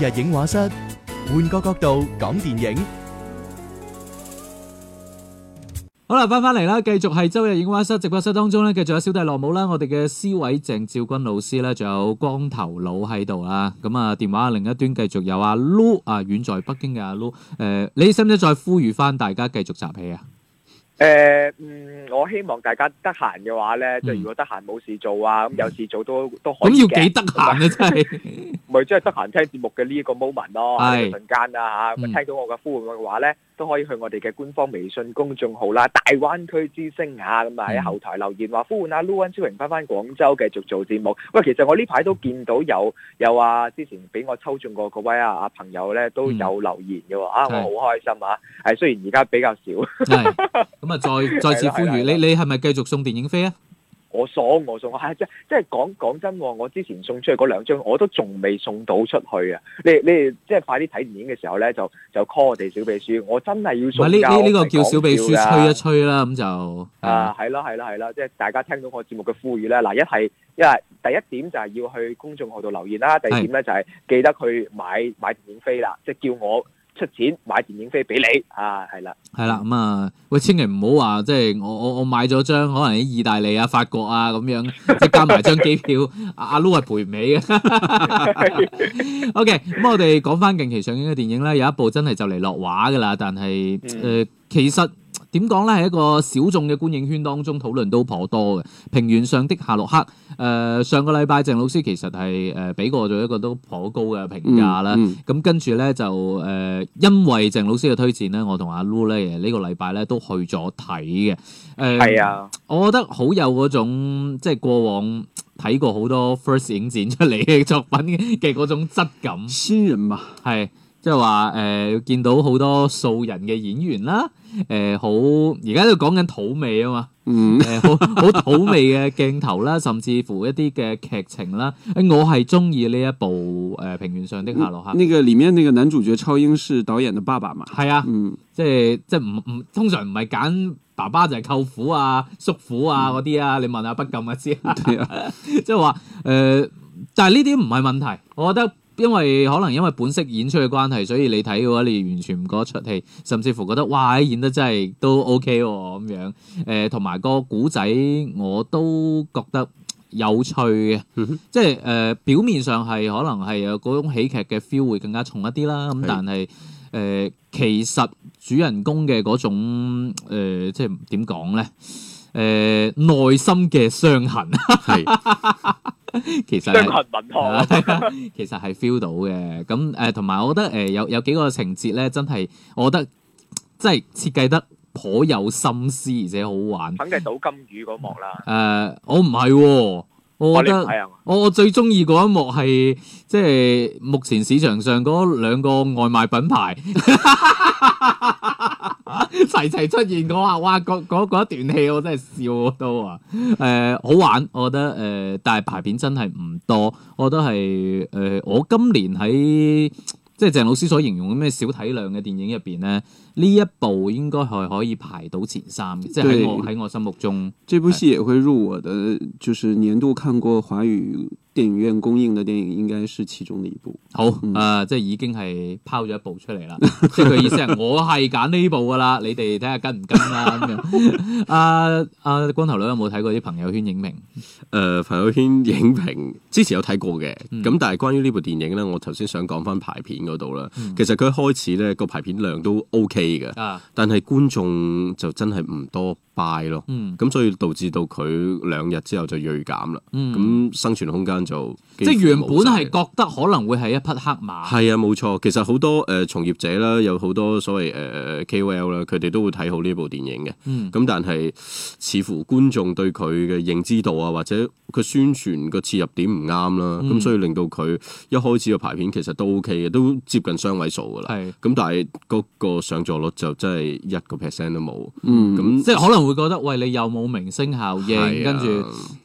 日影畫室，換個角度講電影。好啦，翻翻嚟啦，繼續係周日影畫室直播室當中咧，繼續有小弟羅姆啦。我哋嘅司偉、鄭兆君老師咧，仲有光頭佬喺度啦。咁、嗯、啊，電話另一端繼續有阿 Lo 啊，遠在北京嘅阿 Lo、呃。誒，你使唔使再呼籲翻大家繼續集氣啊？誒，嗯，我希望大家得閒嘅話咧，即係如果得閒冇事做啊，咁有事做都都可以。咁要幾得閒啊，真係咪即係得閒聽節目嘅呢一個 moment 咯？一陣間啊吓，咁聽到我嘅呼喚嘅話咧，都可以去我哋嘅官方微信公眾號啦，大灣區之聲啊，咁喺後台留言話呼喚阿 l u a n 超盈翻翻廣州繼續做節目。喂，其實我呢排都見到有有啊，之前俾我抽中過嗰位啊啊朋友咧都有留言嘅，啊，我好開心啊！係雖然而家比較少。咁啊，再再次呼籲 你，你係咪繼續送電影飛啊？我送我送，係即係即係講講真，我之前送出去嗰兩張，我都仲未送到出去啊！你你即係快啲睇電影嘅時候咧，就就 call 我哋小秘書，我真係要送。喂是，呢呢呢個叫小秘書吹一吹啦，咁就啊，係啦係啦係啦，即係大家聽到我節目嘅呼籲咧，嗱一係一係第一點就係要去公眾號度留言啦，第二點咧就係記得去買的買電影飛啦，即係叫我。出錢買電影飛俾你啊，係啦，係啦，咁啊，喂，千祈唔好話即係我我我買咗張可能喺意大利啊、法國啊咁樣，即係加埋張機票，阿 Lou 係賠尾嘅。OK，咁我哋講翻近期上映嘅電影咧，有一部真係就嚟落畫噶啦，但係誒，其實。點講咧，喺一個小眾嘅觀影圈當中討論都頗多嘅《平原上的夏洛克》呃。誒，上個禮拜鄭老師其實係誒俾過咗一個都頗高嘅評價啦。咁、嗯嗯嗯、跟住咧就誒、呃，因為鄭老師嘅推薦咧，我同阿 Lu 咧其實呢、這個禮拜咧都去咗睇嘅。誒、呃，係啊、哎呀，我覺得好有嗰種即係過往睇過好多 first 影展出嚟嘅作品嘅嗰種質感。新人嘛，係。即係話誒，見到好多素人嘅演員啦，誒、呃，好而家都講緊土味啊嘛，誒、嗯呃，好好土味嘅鏡頭啦， 甚至乎一啲嘅劇情啦、呃，我係中意呢一部誒、呃《平原上的夏洛克》嗯。呢、呢個裡面呢個男主角超英是導演嘅爸爸嘛？係啊，嗯、即係即係唔唔，通常唔係揀爸爸就係、是、舅父啊、叔父啊嗰啲啊，你問下不敬嘅先。即係話誒，但係呢啲唔係問題，我覺得。因為可能因為本色演出嘅關係，所以你睇嘅話，你完全唔覺得出戲，甚至乎覺得哇，演得真係都 OK 喎咁樣。誒、呃，同埋個故仔我都覺得有趣嘅， 即係誒、呃、表面上係可能係有嗰種喜劇嘅 feel 會更加重一啲啦。咁但係誒是、呃，其實主人公嘅嗰種、呃、即係點講咧？誒、呃、內心嘅傷痕，係 其實是傷痕文學 其實係 feel 到嘅。咁誒同埋我覺得誒、呃、有有幾個情節咧，真係我覺得真係設計得頗有心思，而且好玩。肯定到金魚嗰幕啦。誒、呃，我唔係喎。我覺得我最中意嗰一幕係，即係目前市場上嗰兩個外賣品牌齊 齊出現，我話哇，嗰一段戲我真係笑到啊！誒、呃，好玩，我覺得誒、呃，但係排片真係唔多，我覺得係誒、呃，我今年喺。即係鄭老師所形容嘅咩小體量嘅電影入邊咧，呢一部應該係可以排到前三嘅，對即係喺我喺我心目中。這部戲也會入我的，是的就是年度看過華語，電影院公映嘅電影應該是其中嘅一部，好，誒、嗯呃，即係已經係拋咗一部出嚟啦， 即係佢意思係，我係揀呢部噶啦，你哋睇下跟唔跟啦咁樣。阿阿光頭佬有冇睇過啲朋友圈影評？誒、呃，朋友圈影評之前有睇過嘅，咁、嗯、但係關於呢部電影咧，我頭先想講翻排片嗰度啦。嗯、其實佢一開始咧個排片量都 OK 嘅，嗯、但係觀眾就真係唔多。快咯，咁、嗯、所以導致到佢兩日之後就鋭減啦、嗯，咁生存空間就即係原本係覺得可能會係一匹黑馬，係啊，冇錯。其實好多誒從業者啦，有好多所謂誒 KOL 啦，佢哋都會睇好呢部電影嘅，咁、嗯、但係似乎觀眾對佢嘅認知度啊，或者。佢宣傳個切入點唔啱啦，咁、嗯、所以令到佢一開始嘅排片其實都 OK 嘅，都接近雙位數噶啦。咁是但係嗰個上座率就真係一個 percent 都冇。咁、嗯、那即係可能會覺得，喂，你又有冇明星效應？啊、跟住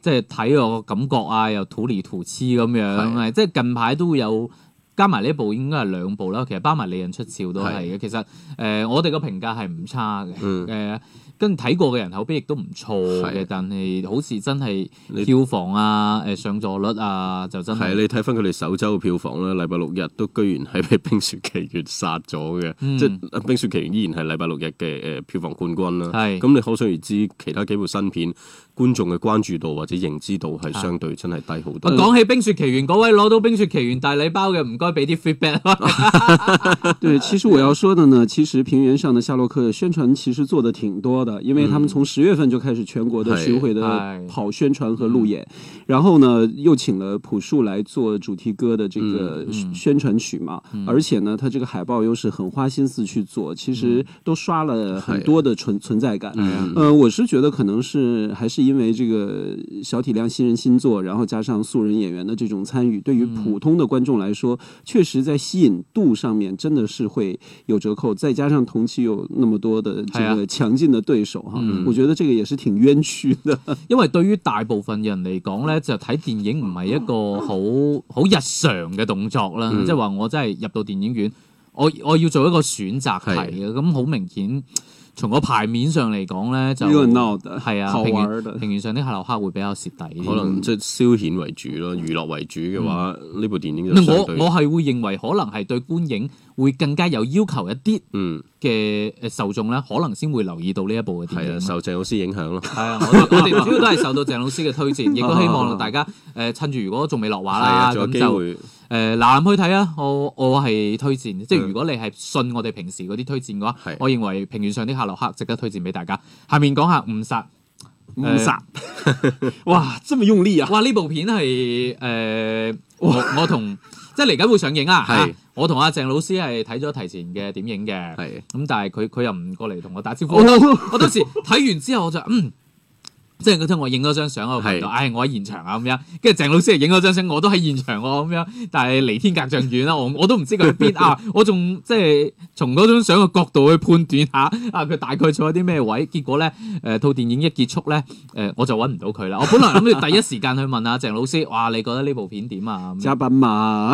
即係睇我個感覺啊，又土嚟土黐咁樣。啊、即係近排都會有加埋呢一部，應該係兩部啦。其實包埋《利刃出鞘是》都係嘅。其實誒、呃，我哋個評價係唔差嘅。誒、嗯。嗯。跟睇過嘅人口碑亦都唔錯嘅，的但係好似真係票房啊、誒你上座率啊，就真係。係你睇翻佢哋首周嘅票房啦，禮拜六日都居然係被《冰雪奇緣》殺咗嘅，即係《冰雪奇緣》依然係禮拜六日嘅誒票房冠軍啦。係的，咁你可想而知，其他幾部新片。觀眾嘅關注度或者認知度係相對真係低好多。講、啊嗯、起《冰雪奇緣，各位攞到《冰雪奇緣大禮包嘅，唔該俾啲 feedback。 對，其實我要說的呢，其實平原上的夏洛克宣傳其實做的挺多的，因為他們從十月份就開始全國的巡迴的跑宣傳和路演，然後呢又請了朴樹來做主題歌的這個宣傳曲嘛，嗯嗯、而且呢，他這個海報又是很花心思去做，其實都刷了很多的存存在感。嗯，我是覺得可能是還是。因為這個小體量新人新作，然後加上素人演員的這種參與，對於普通的觀眾來說，嗯、確實在吸引度上面真的是會有折扣。再加上同期有那麼多的這個強勁的對手哈，嗯、我覺得這個也是挺冤屈的。因為對於大部分人嚟講呢，就睇電影唔係一個好好日常嘅動作啦，嗯、即係話我真係入到電影院，我我要做一個選擇題嘅，咁好是明顯。從個牌面上嚟講咧，就係 is 啊，how ard 平原平原上啲客流客會比較蝕底、嗯、可能即係消遣為主咯，娛樂為主嘅話，呢、嗯、部電影就我。我我係會認為可能係對觀影會更加有要求一啲嘅誒受眾咧，可能先會留意到呢一部嘅電影。係啊、嗯，受鄭老師影響咯。係啊、嗯，我哋主要都係受到鄭老師嘅推薦，亦 都希望大家誒、呃、趁住如果仲未落畫啦，咁就。誒，嗱去睇啊！我我係推薦，即係如果你係信我哋平時嗰啲推薦嘅話，我認為平原上啲夏洛克值得推薦俾大家下下。下面講下誤殺，誤殺、呃， 哇，真係用力啊！哇，呢部片係誒、呃， 我同即係嚟緊會上映啦。係、 啊、我同阿鄭老師係睇咗提前嘅點映嘅，係咁歌是、嗯，但係佢佢又唔過嚟同我打招呼。我當 時睇完之後我就嗯。即係佢同我影咗張相喺度，唉，我喺是、哎、現場啊咁樣，跟住鄭老師嚟影咗張相，我都喺現場喎咁樣，但係離天隔丈遠啦，我都唔知佢喺邊啊，我仲即係從嗰張相嘅角度去判斷下，啊，佢大概坐喺啲咩位？結果咧，誒、呃，套電影一結束咧，誒、呃，我就揾唔到佢啦。我本來諗住第一時間去問下、啊、鄭老師，哇，你覺得呢部片點啊？精品嘛，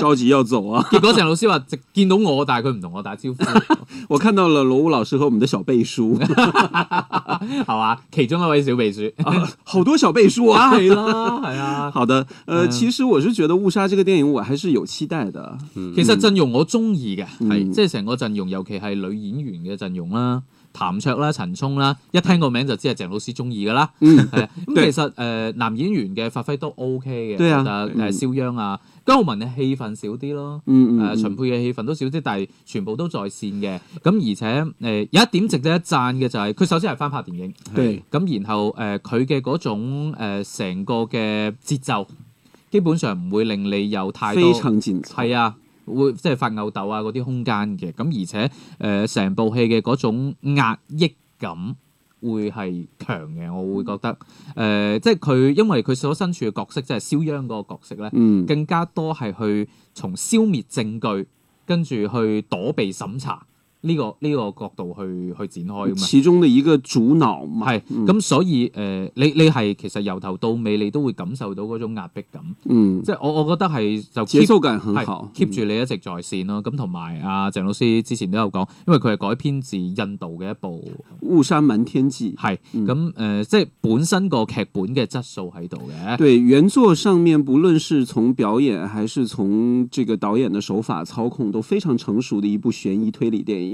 坐住又做啊！ 結果鄭老師話，見到我，但係佢唔同我打招呼。 我看到了老師和我們的小背書，係 嘛？ 其中一位。小秘書、 啊，好多小秘書啊，係啦， 係啊。的 好的，呃，其實我是覺得誤殺這個電影，我還是有期待的。其實陣容我中意嘅，係即係成個陣容，尤其係女演員嘅陣容啦，譚、嗯、卓啦，陳沖啦，一聽個名就知係鄭老師中意噶啦，係啊。咁其實誒、呃，男演員嘅發揮都 OK 嘅，其實誒，肖央啊。者姜皓文嘅戲份少啲咯，誒秦沛嘅戲份都少啲，但係全部都在線嘅。咁而且誒有一點值得一讚嘅就係佢首先係翻拍電影，咁然後誒佢嘅嗰種誒成個嘅節奏基本上唔會令你有太多，係啊，會即係發吽哣啊嗰啲空間嘅。咁而且誒成部戲嘅嗰種壓抑感會係強嘅，我會覺得，誒、呃，即係佢因為佢所身處嘅角色，即係肖央嗰個角色咧，嗯、更加多係去從消滅證據，跟住去躲避審查。呢、這個呢、這個角度去去展開，始終你依個阻攔嘛。係是，咁、嗯、所以誒、呃，你你係其實由頭到尾你都會感受到嗰種壓迫感。嗯，即係我我覺得係就超級可靠，keep 住你一直在線咯。咁同埋阿鄭老師之前都有講，因為佢係改編自印度嘅一部《誤殺瞞天記》是，係咁誒，即係本身個劇本嘅質素喺度嘅。對，原作上面不論係從表演，還是從這個導演嘅手法操控，都非常成熟嘅一部懸疑推理電影。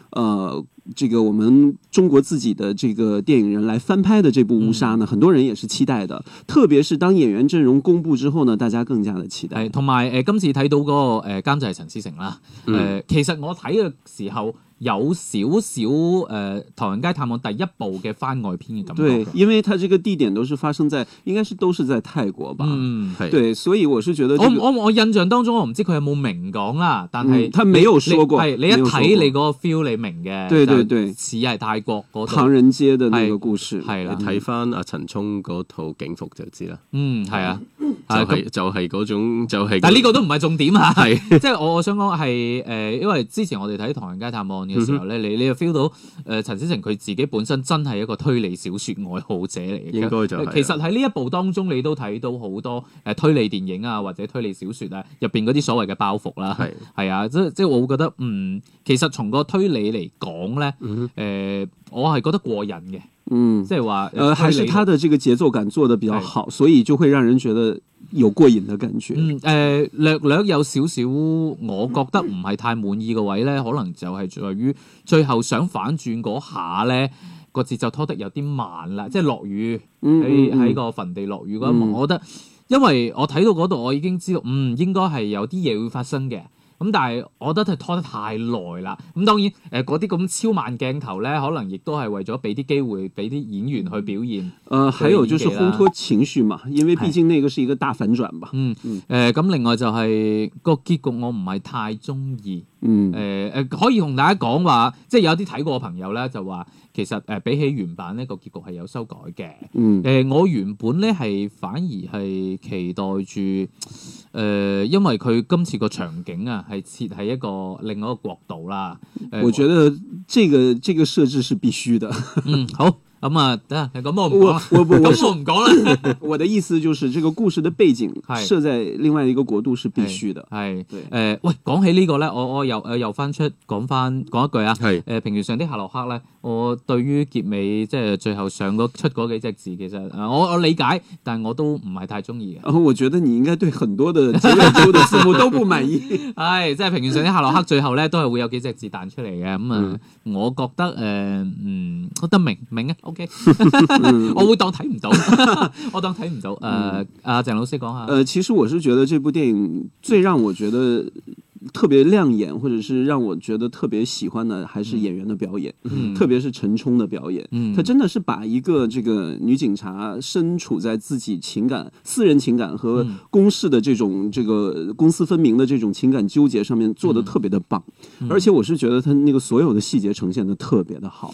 呃，這個我們中國自己的這個電影人來翻拍的這部《誤殺》呢，很多人也是期待的。特別是當演員陣容公布之後呢，大家更加的期待。係同埋誒，今次睇到嗰，那個誒監製陳思成啦，誒，呃，嗯、其實我睇嘅時候。有少少誒《唐人街探案》第一部嘅番外篇嘅感覺。因為佢呢個地點都是發生在，應該是都是在泰國吧。嗯，係。所以我是覺得。我我印象當中，我唔知佢有冇明講啦，但係。佢沒有說過。你一睇你嗰個 feel，你明嘅。似係泰國嗰唐人街嘅呢個故事。係啦。睇翻阿陳沖嗰套警服就知啦。嗯，係啊。就係就係嗰種就係。但呢個都唔係重點啊！係，即係我我想講係誒，因為之前我哋睇《唐人街探案》。嘅時候咧，嗯、你你又 feel 到誒陳思誠佢自己本身真係一個推理小說愛好者嚟嘅，應該就係。其實喺呢一部當中，你都睇到好多誒推理電影啊，或者推理小說啊，入邊嗰啲所謂嘅包袱啦，係啊的，即即我會覺得嗯，其實從個推理嚟講咧，誒、嗯哼呃、我係覺得過癮嘅。嗯，即係話，誒、呃，還是他的這個節奏感做得比較好，的所以就會讓人覺得有過癮的感覺。嗯，誒、呃，略略有少少，我覺得唔係太滿意嘅位咧，可能就係在於最後想反轉嗰下咧個節奏拖得有啲慢啦，即係落雨喺喺、嗯嗯、個墳地落雨嗰一幕，嗯、我覺得因為我睇到嗰度，我已經知道，嗯，應該係有啲嘢會發生嘅。咁但係，我覺得係拖得太耐啦。咁當然，誒嗰啲咁超慢鏡頭咧，可能亦都係為咗俾啲機會俾啲演員去表現。誒、呃，還有就是烘托情緒嘛，因為畢竟呢個是一個大反轉吧。嗯嗯。咁、呃、另外就係、是個結局我，我唔係太中意。嗯。誒、呃、可以同大家講話，即係有啲睇過嘅朋友咧，就話其實誒、呃、比起原版呢、個結局係有修改嘅。嗯、呃。我原本咧係反而係期待住。誒、呃，因為佢今次個場景啊，係設喺一個另外一個角度啦。呃、我覺得這個這個設置是必須的。嗯。好。 咁、嗯、啊，等下係咁，我唔講。我我唔講啦。 我的意思就是，呢個故事的背景設在另外一個國度是必須的。係，誒，喂對，講、呃、起個呢個咧，我我又誒、呃、又翻出講翻講一句啊。係是，誒、呃，平原上啲夏洛克咧，我對於結尾即係最後上嗰出嗰幾隻字，其實、呃、我我理解，但係我都唔係太中意嘅。我覺得你應該對很多的結局的事物都不滿意。係、 哎，即係平原上啲夏洛克最後咧， 都係會有幾隻字彈出嚟嘅。咁、嗯、啊、嗯嗯，我覺得誒、呃、嗯，覺得明明，明啊。Okay. 我會當睇唔到， 我當睇唔到。Uh, mm. 呃，阿鄭老師講下。呃，其實我是覺得這部電影最讓我覺得特別亮眼，mm. 或者是讓我覺得特別喜歡的，還是演員的表演。Mm. 特別是陳沖的表演。Mm. 他真的是把一個這個女警察，身處在自己情感、mm. 私人情感和公事的這種這個公私分明的這種情感糾結上面，做得特別的棒。Mm. Mm. 而且我是覺得他那個所有的細節呈現得特別的好。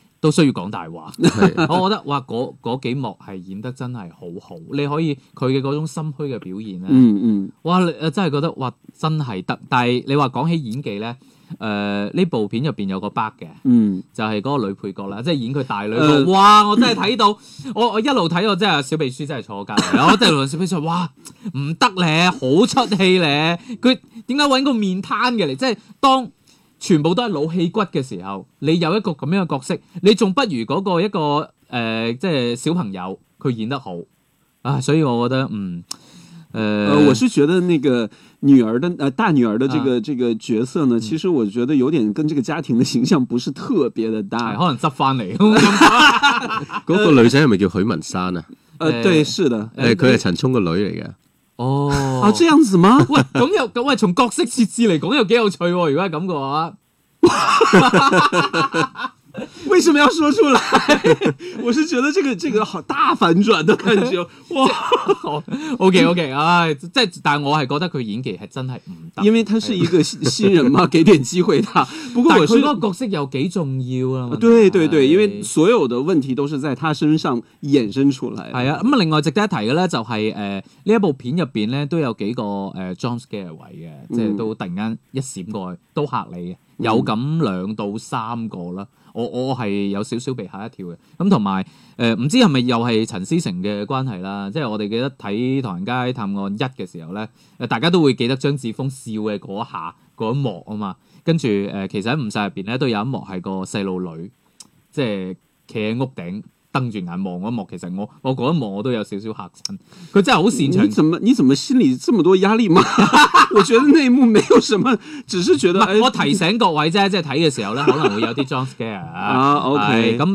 都需要講大話， 我覺得哇，嗰嗰幾幕係演得真係好好，你可以佢嘅嗰種心虛嘅表現咧，哇，真係覺得哇，真係得。但係你話講起演技咧，誒、呃、呢部片入邊有個 bug 嘅，就係嗰個女配角啦，即係演佢大女配。哇！我真係睇到 我我一路睇我真係小秘書真係坐我隔籬， 我真係小秘書哇，唔得咧，好出戲咧。佢點解揾個面癱嘅嚟，即係當？全部都係老氣骨嘅時候，你有一個咁樣嘅角色，你仲不如嗰個一個誒，即係小朋友佢演得好，唉，所以我覺得，嗯，誒，我是覺得那個女兒的大女兒的這個這個角色呢，其實我覺得有點跟這個家庭嘅形象不是特別的大，可能執翻嚟，嗰個女仔係咪叫許文山啊？誒，對，是的，誒，佢係陳沖個女嚟嘅。哦，啊，oh, 這樣子嗎？喂，咁又咁，喂，從角色設置嚟講又幾有趣喎，如果係咁嘅話。 為什麼要說出來？ 我是覺得這個這個好大反轉的感覺，哇 ！OK OK，哎，再但係我係覺得佢演技係真係唔得，因為他是一個新人嘛， 給點機會他。不過佢嗰個角色有幾重要啊？ 對對對，因為所有的問題都是在他身上衍生出來。係啊，咁、嗯、啊，另外值得一提嘅咧、就是，就係誒呢一部片入邊咧都有幾個誒 John scare 位嘅，即係都突然間一閃過去都嚇你嘅，有咁兩到三個啦。我我係有少少被嚇一跳嘅，咁同埋誒唔知係咪又係陳思誠嘅關係啦，即係我哋記得睇《唐人街探案一》嘅時候咧，誒大家都會記得張子楓笑嘅嗰下嗰一幕啊嘛，跟住誒、呃、其實喺誤殺入邊咧都有一幕係個細路女即係企喺屋頂。瞪住眼望我一望，其實我我嗰一望我都有少少嚇親。佢真係好擅長。你怎麼？你怎麼心裡這麼多壓力嗎？我覺得那一幕沒有什麼，只是覺得。我提醒各位啫，即係睇嘅時候咧，可能會有啲 jump scare 啊。OK，咁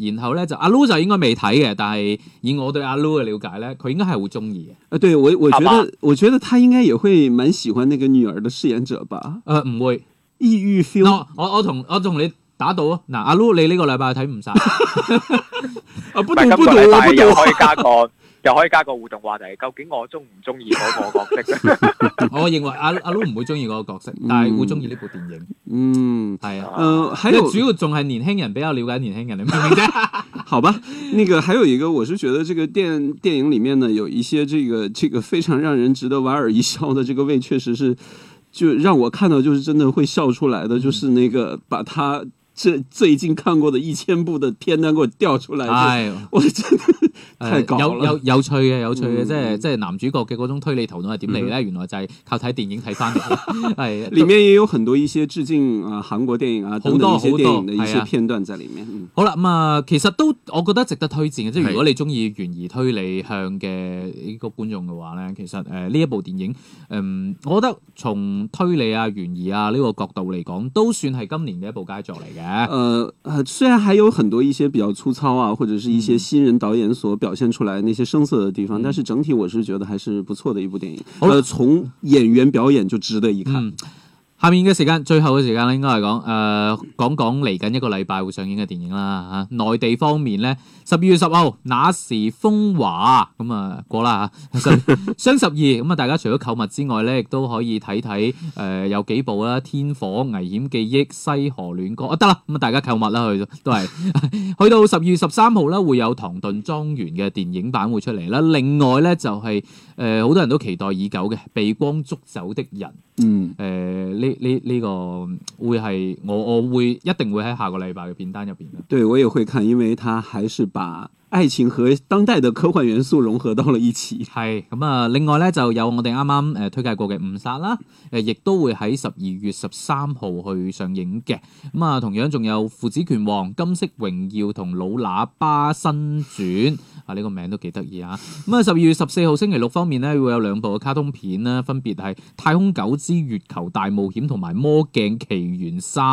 誒，然後咧就阿 Lu 就應該未睇嘅，但係以我對阿 Lu 嘅了解咧，佢應該係會中意嘅。誒，對我，我覺得，我覺得他應該也會蠻喜歡那個女兒嘅飾演者吧。誒，唔會。抑鬱。feel，我我同我同你。打到啊！嗱，阿盧，你呢個禮拜睇唔晒？阿搬到搬到搬到，又可以加個，又可以加個互動話題。究竟我中唔中意嗰個角色？我認為阿阿盧唔會中意嗰個角色，但係會中意呢部電影。嗯，係啊。誒、呃，喺度主要仲係年輕人比較了解年輕人嘅評價。 好吧，那個還有一個，我是覺得這個電電影裏面呢，有一些這個這個非常讓人值得莞爾一笑的，這個位確實是，就讓我看到就是真的會笑出來的，嗯、就是那個把他。這最近看過的一千部的片單給我調出來，哎呦，我真的。 呃、有有有趣嘅，有趣嘅、嗯，即係即係男主角嘅嗰種推理頭腦係點嚟嘅咧？嗯、原來就係靠睇電影睇翻，係 是。裏面也有很多一些致敬啊、呃、韓國電影啊，好多好多嘅一些片段在裏面。多嗯、好啦，咁、嗯、啊，其實都我覺得值得推薦嘅，即係是如果你中意懸疑推理向嘅呢個觀眾嘅話咧，其實誒呢、呃、一部電影，嗯、呃，我覺得從推理啊懸疑啊呢、這個角度嚟講，都算係今年嘅一部佳作嚟嘅。誒、呃、雖然還有很多一些比較粗糙啊，或者是一些新人導演。所表現出來那些生澀的地方，但是整體我是覺得還是不錯的一部電影。呃，從演員表演就值得一看。嗯下面嘅時間，最後嘅時間啦，應該嚟講，誒，講講嚟緊一個禮拜會上映嘅電影啦。吓、啊，內地方面咧，啊、十二月十號《那時風華》咁啊過啦吓，雙十二咁啊，大家除咗購物之外咧，亦都可以睇睇誒，有幾部啦，《天火》《危險記憶》《西河戀歌》啊，得啦，咁啊，大家購物啦去，都係、啊、去到十二月十三號咧，會有《唐頓莊園》嘅電影版會出嚟啦。另外咧，就係、是、誒，呃、好多人都期待已久嘅《被光捉走的人》。嗯、呃，誒呢呢呢個會係我我會一定會喺下個禮拜嘅片單入邊嘅。對，我也會看，因為他還是把愛情和當代嘅科幻元素融合到了一起。係咁啊，另外咧，就有我哋啱啱誒推介過嘅《誤殺》啦，誒亦都會喺十二月十三號去上映嘅。咁、嗯、啊，同樣仲有《父子拳王》、《金色榮耀》同《老喇叭新傳》啊，呢、這個名都幾得意啊。咁、嗯、啊，十二月十四號星期六方面咧，會有兩部嘅卡通片啦，分別係《太空狗之月球大冒險》同埋《魔鏡奇緣三》。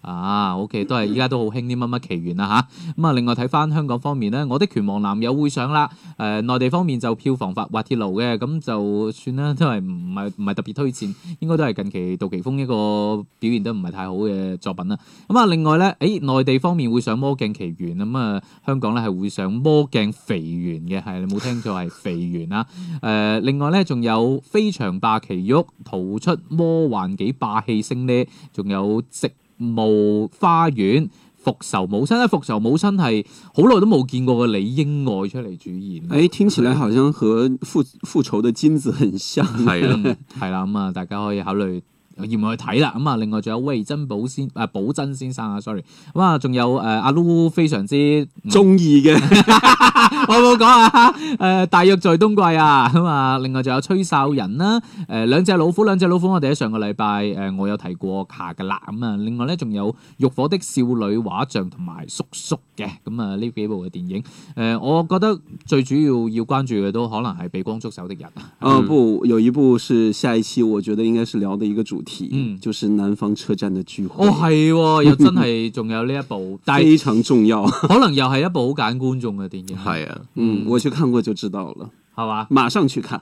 啊，OK，都係依家都好興啲乜乜奇緣啊。吓。咁啊，另外睇翻，香港方面咧，我哋。拳王男友會上啦，誒、呃、內地方面就票房發滑鐵盧嘅，咁就算啦，都係唔係唔係特別推薦，應該都係近期杜琪峰一個表現得唔係太好嘅作品啦。咁、嗯、啊，另外咧，誒、哎、內地方面會上魔鏡《魔鏡奇緣》呃，咁啊香港咧係會上魔鏡《魔鏡肥圓》嘅，係你冇聽錯，係肥圓啊。誒、呃、另外咧，仲有《非常霸奇玉》、《逃出魔幻幾霸氣聲》咧，仲有《植物花園》。復仇母親咧，復仇母親係好耐都冇見過嘅李英愛出嚟主演。誒、哎，聽起來好像和《復復仇的金子》很像，係啦，咁啊，大家可以考慮。要唔要去睇啦？咁啊，另外仲有威珍寶先，誒寶珍先生啊，sorry，咁啊，仲有誒、呃、阿 Lu 非常之中意嘅，藝 我冇講啊，誒、呃、大約在冬季啊，咁、嗯、啊，另外仲有吹哨人啦、啊，誒兩隻老虎，兩隻老虎，我哋喺上個禮拜誒我有提過下噶啦，咁、嗯、啊，另外咧仲有《浴火的少女畫像》同埋《叔叔》嘅、嗯，咁啊呢幾部嘅電影，誒、呃、我覺得最主要要關注嘅都可能係《被光抓走的人》。啊，不有一部是下一期，我覺得應該是聊的一個主。嗯，就是南方車站的聚會。哦，係又真係，仲有呢一部非常重要，可能又係一部好揀觀眾嘅電影。係啊，嗯，我去看過就知道了，係嘛，馬上去看。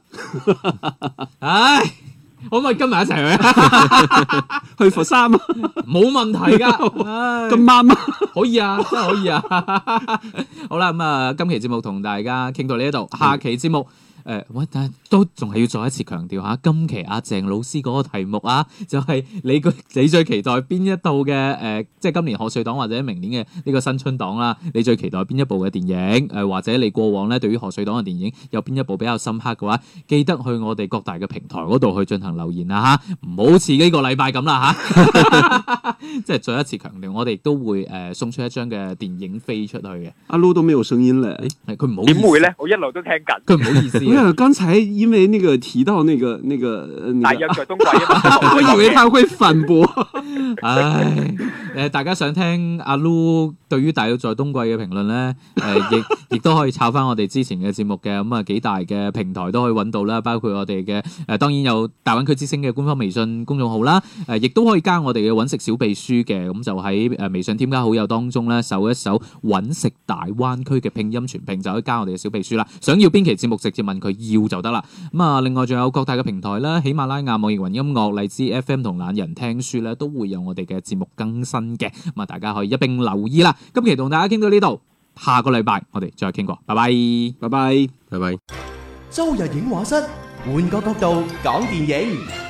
唉，可唔可以跟埋一齊去？去佛山冇問題噶。咁啱啊可以啊，真係可以啊。好啦，咁啊，今期節目同大家傾到呢度，下期節目。誒，喂、呃！但係都仲係要再一次強調下，今期阿、啊、鄭老師嗰個題目啊，就係你個你最期待邊一度嘅誒，即係今年賀歲檔或者明年嘅呢個新春檔啦、啊。你最期待邊一部嘅電影？誒、呃，或者你過往咧對於賀歲檔嘅電影有邊一部比較深刻嘅話，記得去我哋各大嘅平台嗰度去進行留言啊。嚇、啊！唔好似呢個禮拜咁啦、啊，嚇、啊！即係再一次強調，我哋都會誒、呃、送出一張嘅電影飛出去嘅。阿 Lu 都冇聲音咧，佢唔好點會咧？我一路都聽緊，佢唔好意思。剛才因為那個提到那個那個，大約在冬季，我以為他會反駁。唉，誒、呃，大家想聽阿 Lu 對於大約在冬季嘅評論咧？誒、呃，亦亦都可以抄翻我哋之前嘅節目嘅，咁、嗯、啊，幾大嘅平台都可以揾到啦，包括我哋嘅誒，當然有大灣區之聲嘅官方微信公眾號啦。誒、呃，亦都可以加我哋嘅揾食小秘書嘅，咁、嗯、就喺誒微信添加好友當中咧搜一搜揾食大灣區嘅拼音全拼就可以加我哋嘅小秘書啦。想要邊期節目，直接問佢要就得啦，咁啊，另外仲有各大嘅平台啦，喜馬拉雅、網易雲音樂、荔枝 FM 同懶人聽書咧，都會有我哋嘅節目更新嘅，咁啊，大家可以一併留意啦。今期同大家傾到呢度，下個禮拜我哋再傾過，拜拜，拜拜，拜拜。周日影畫室，換個角度講電影。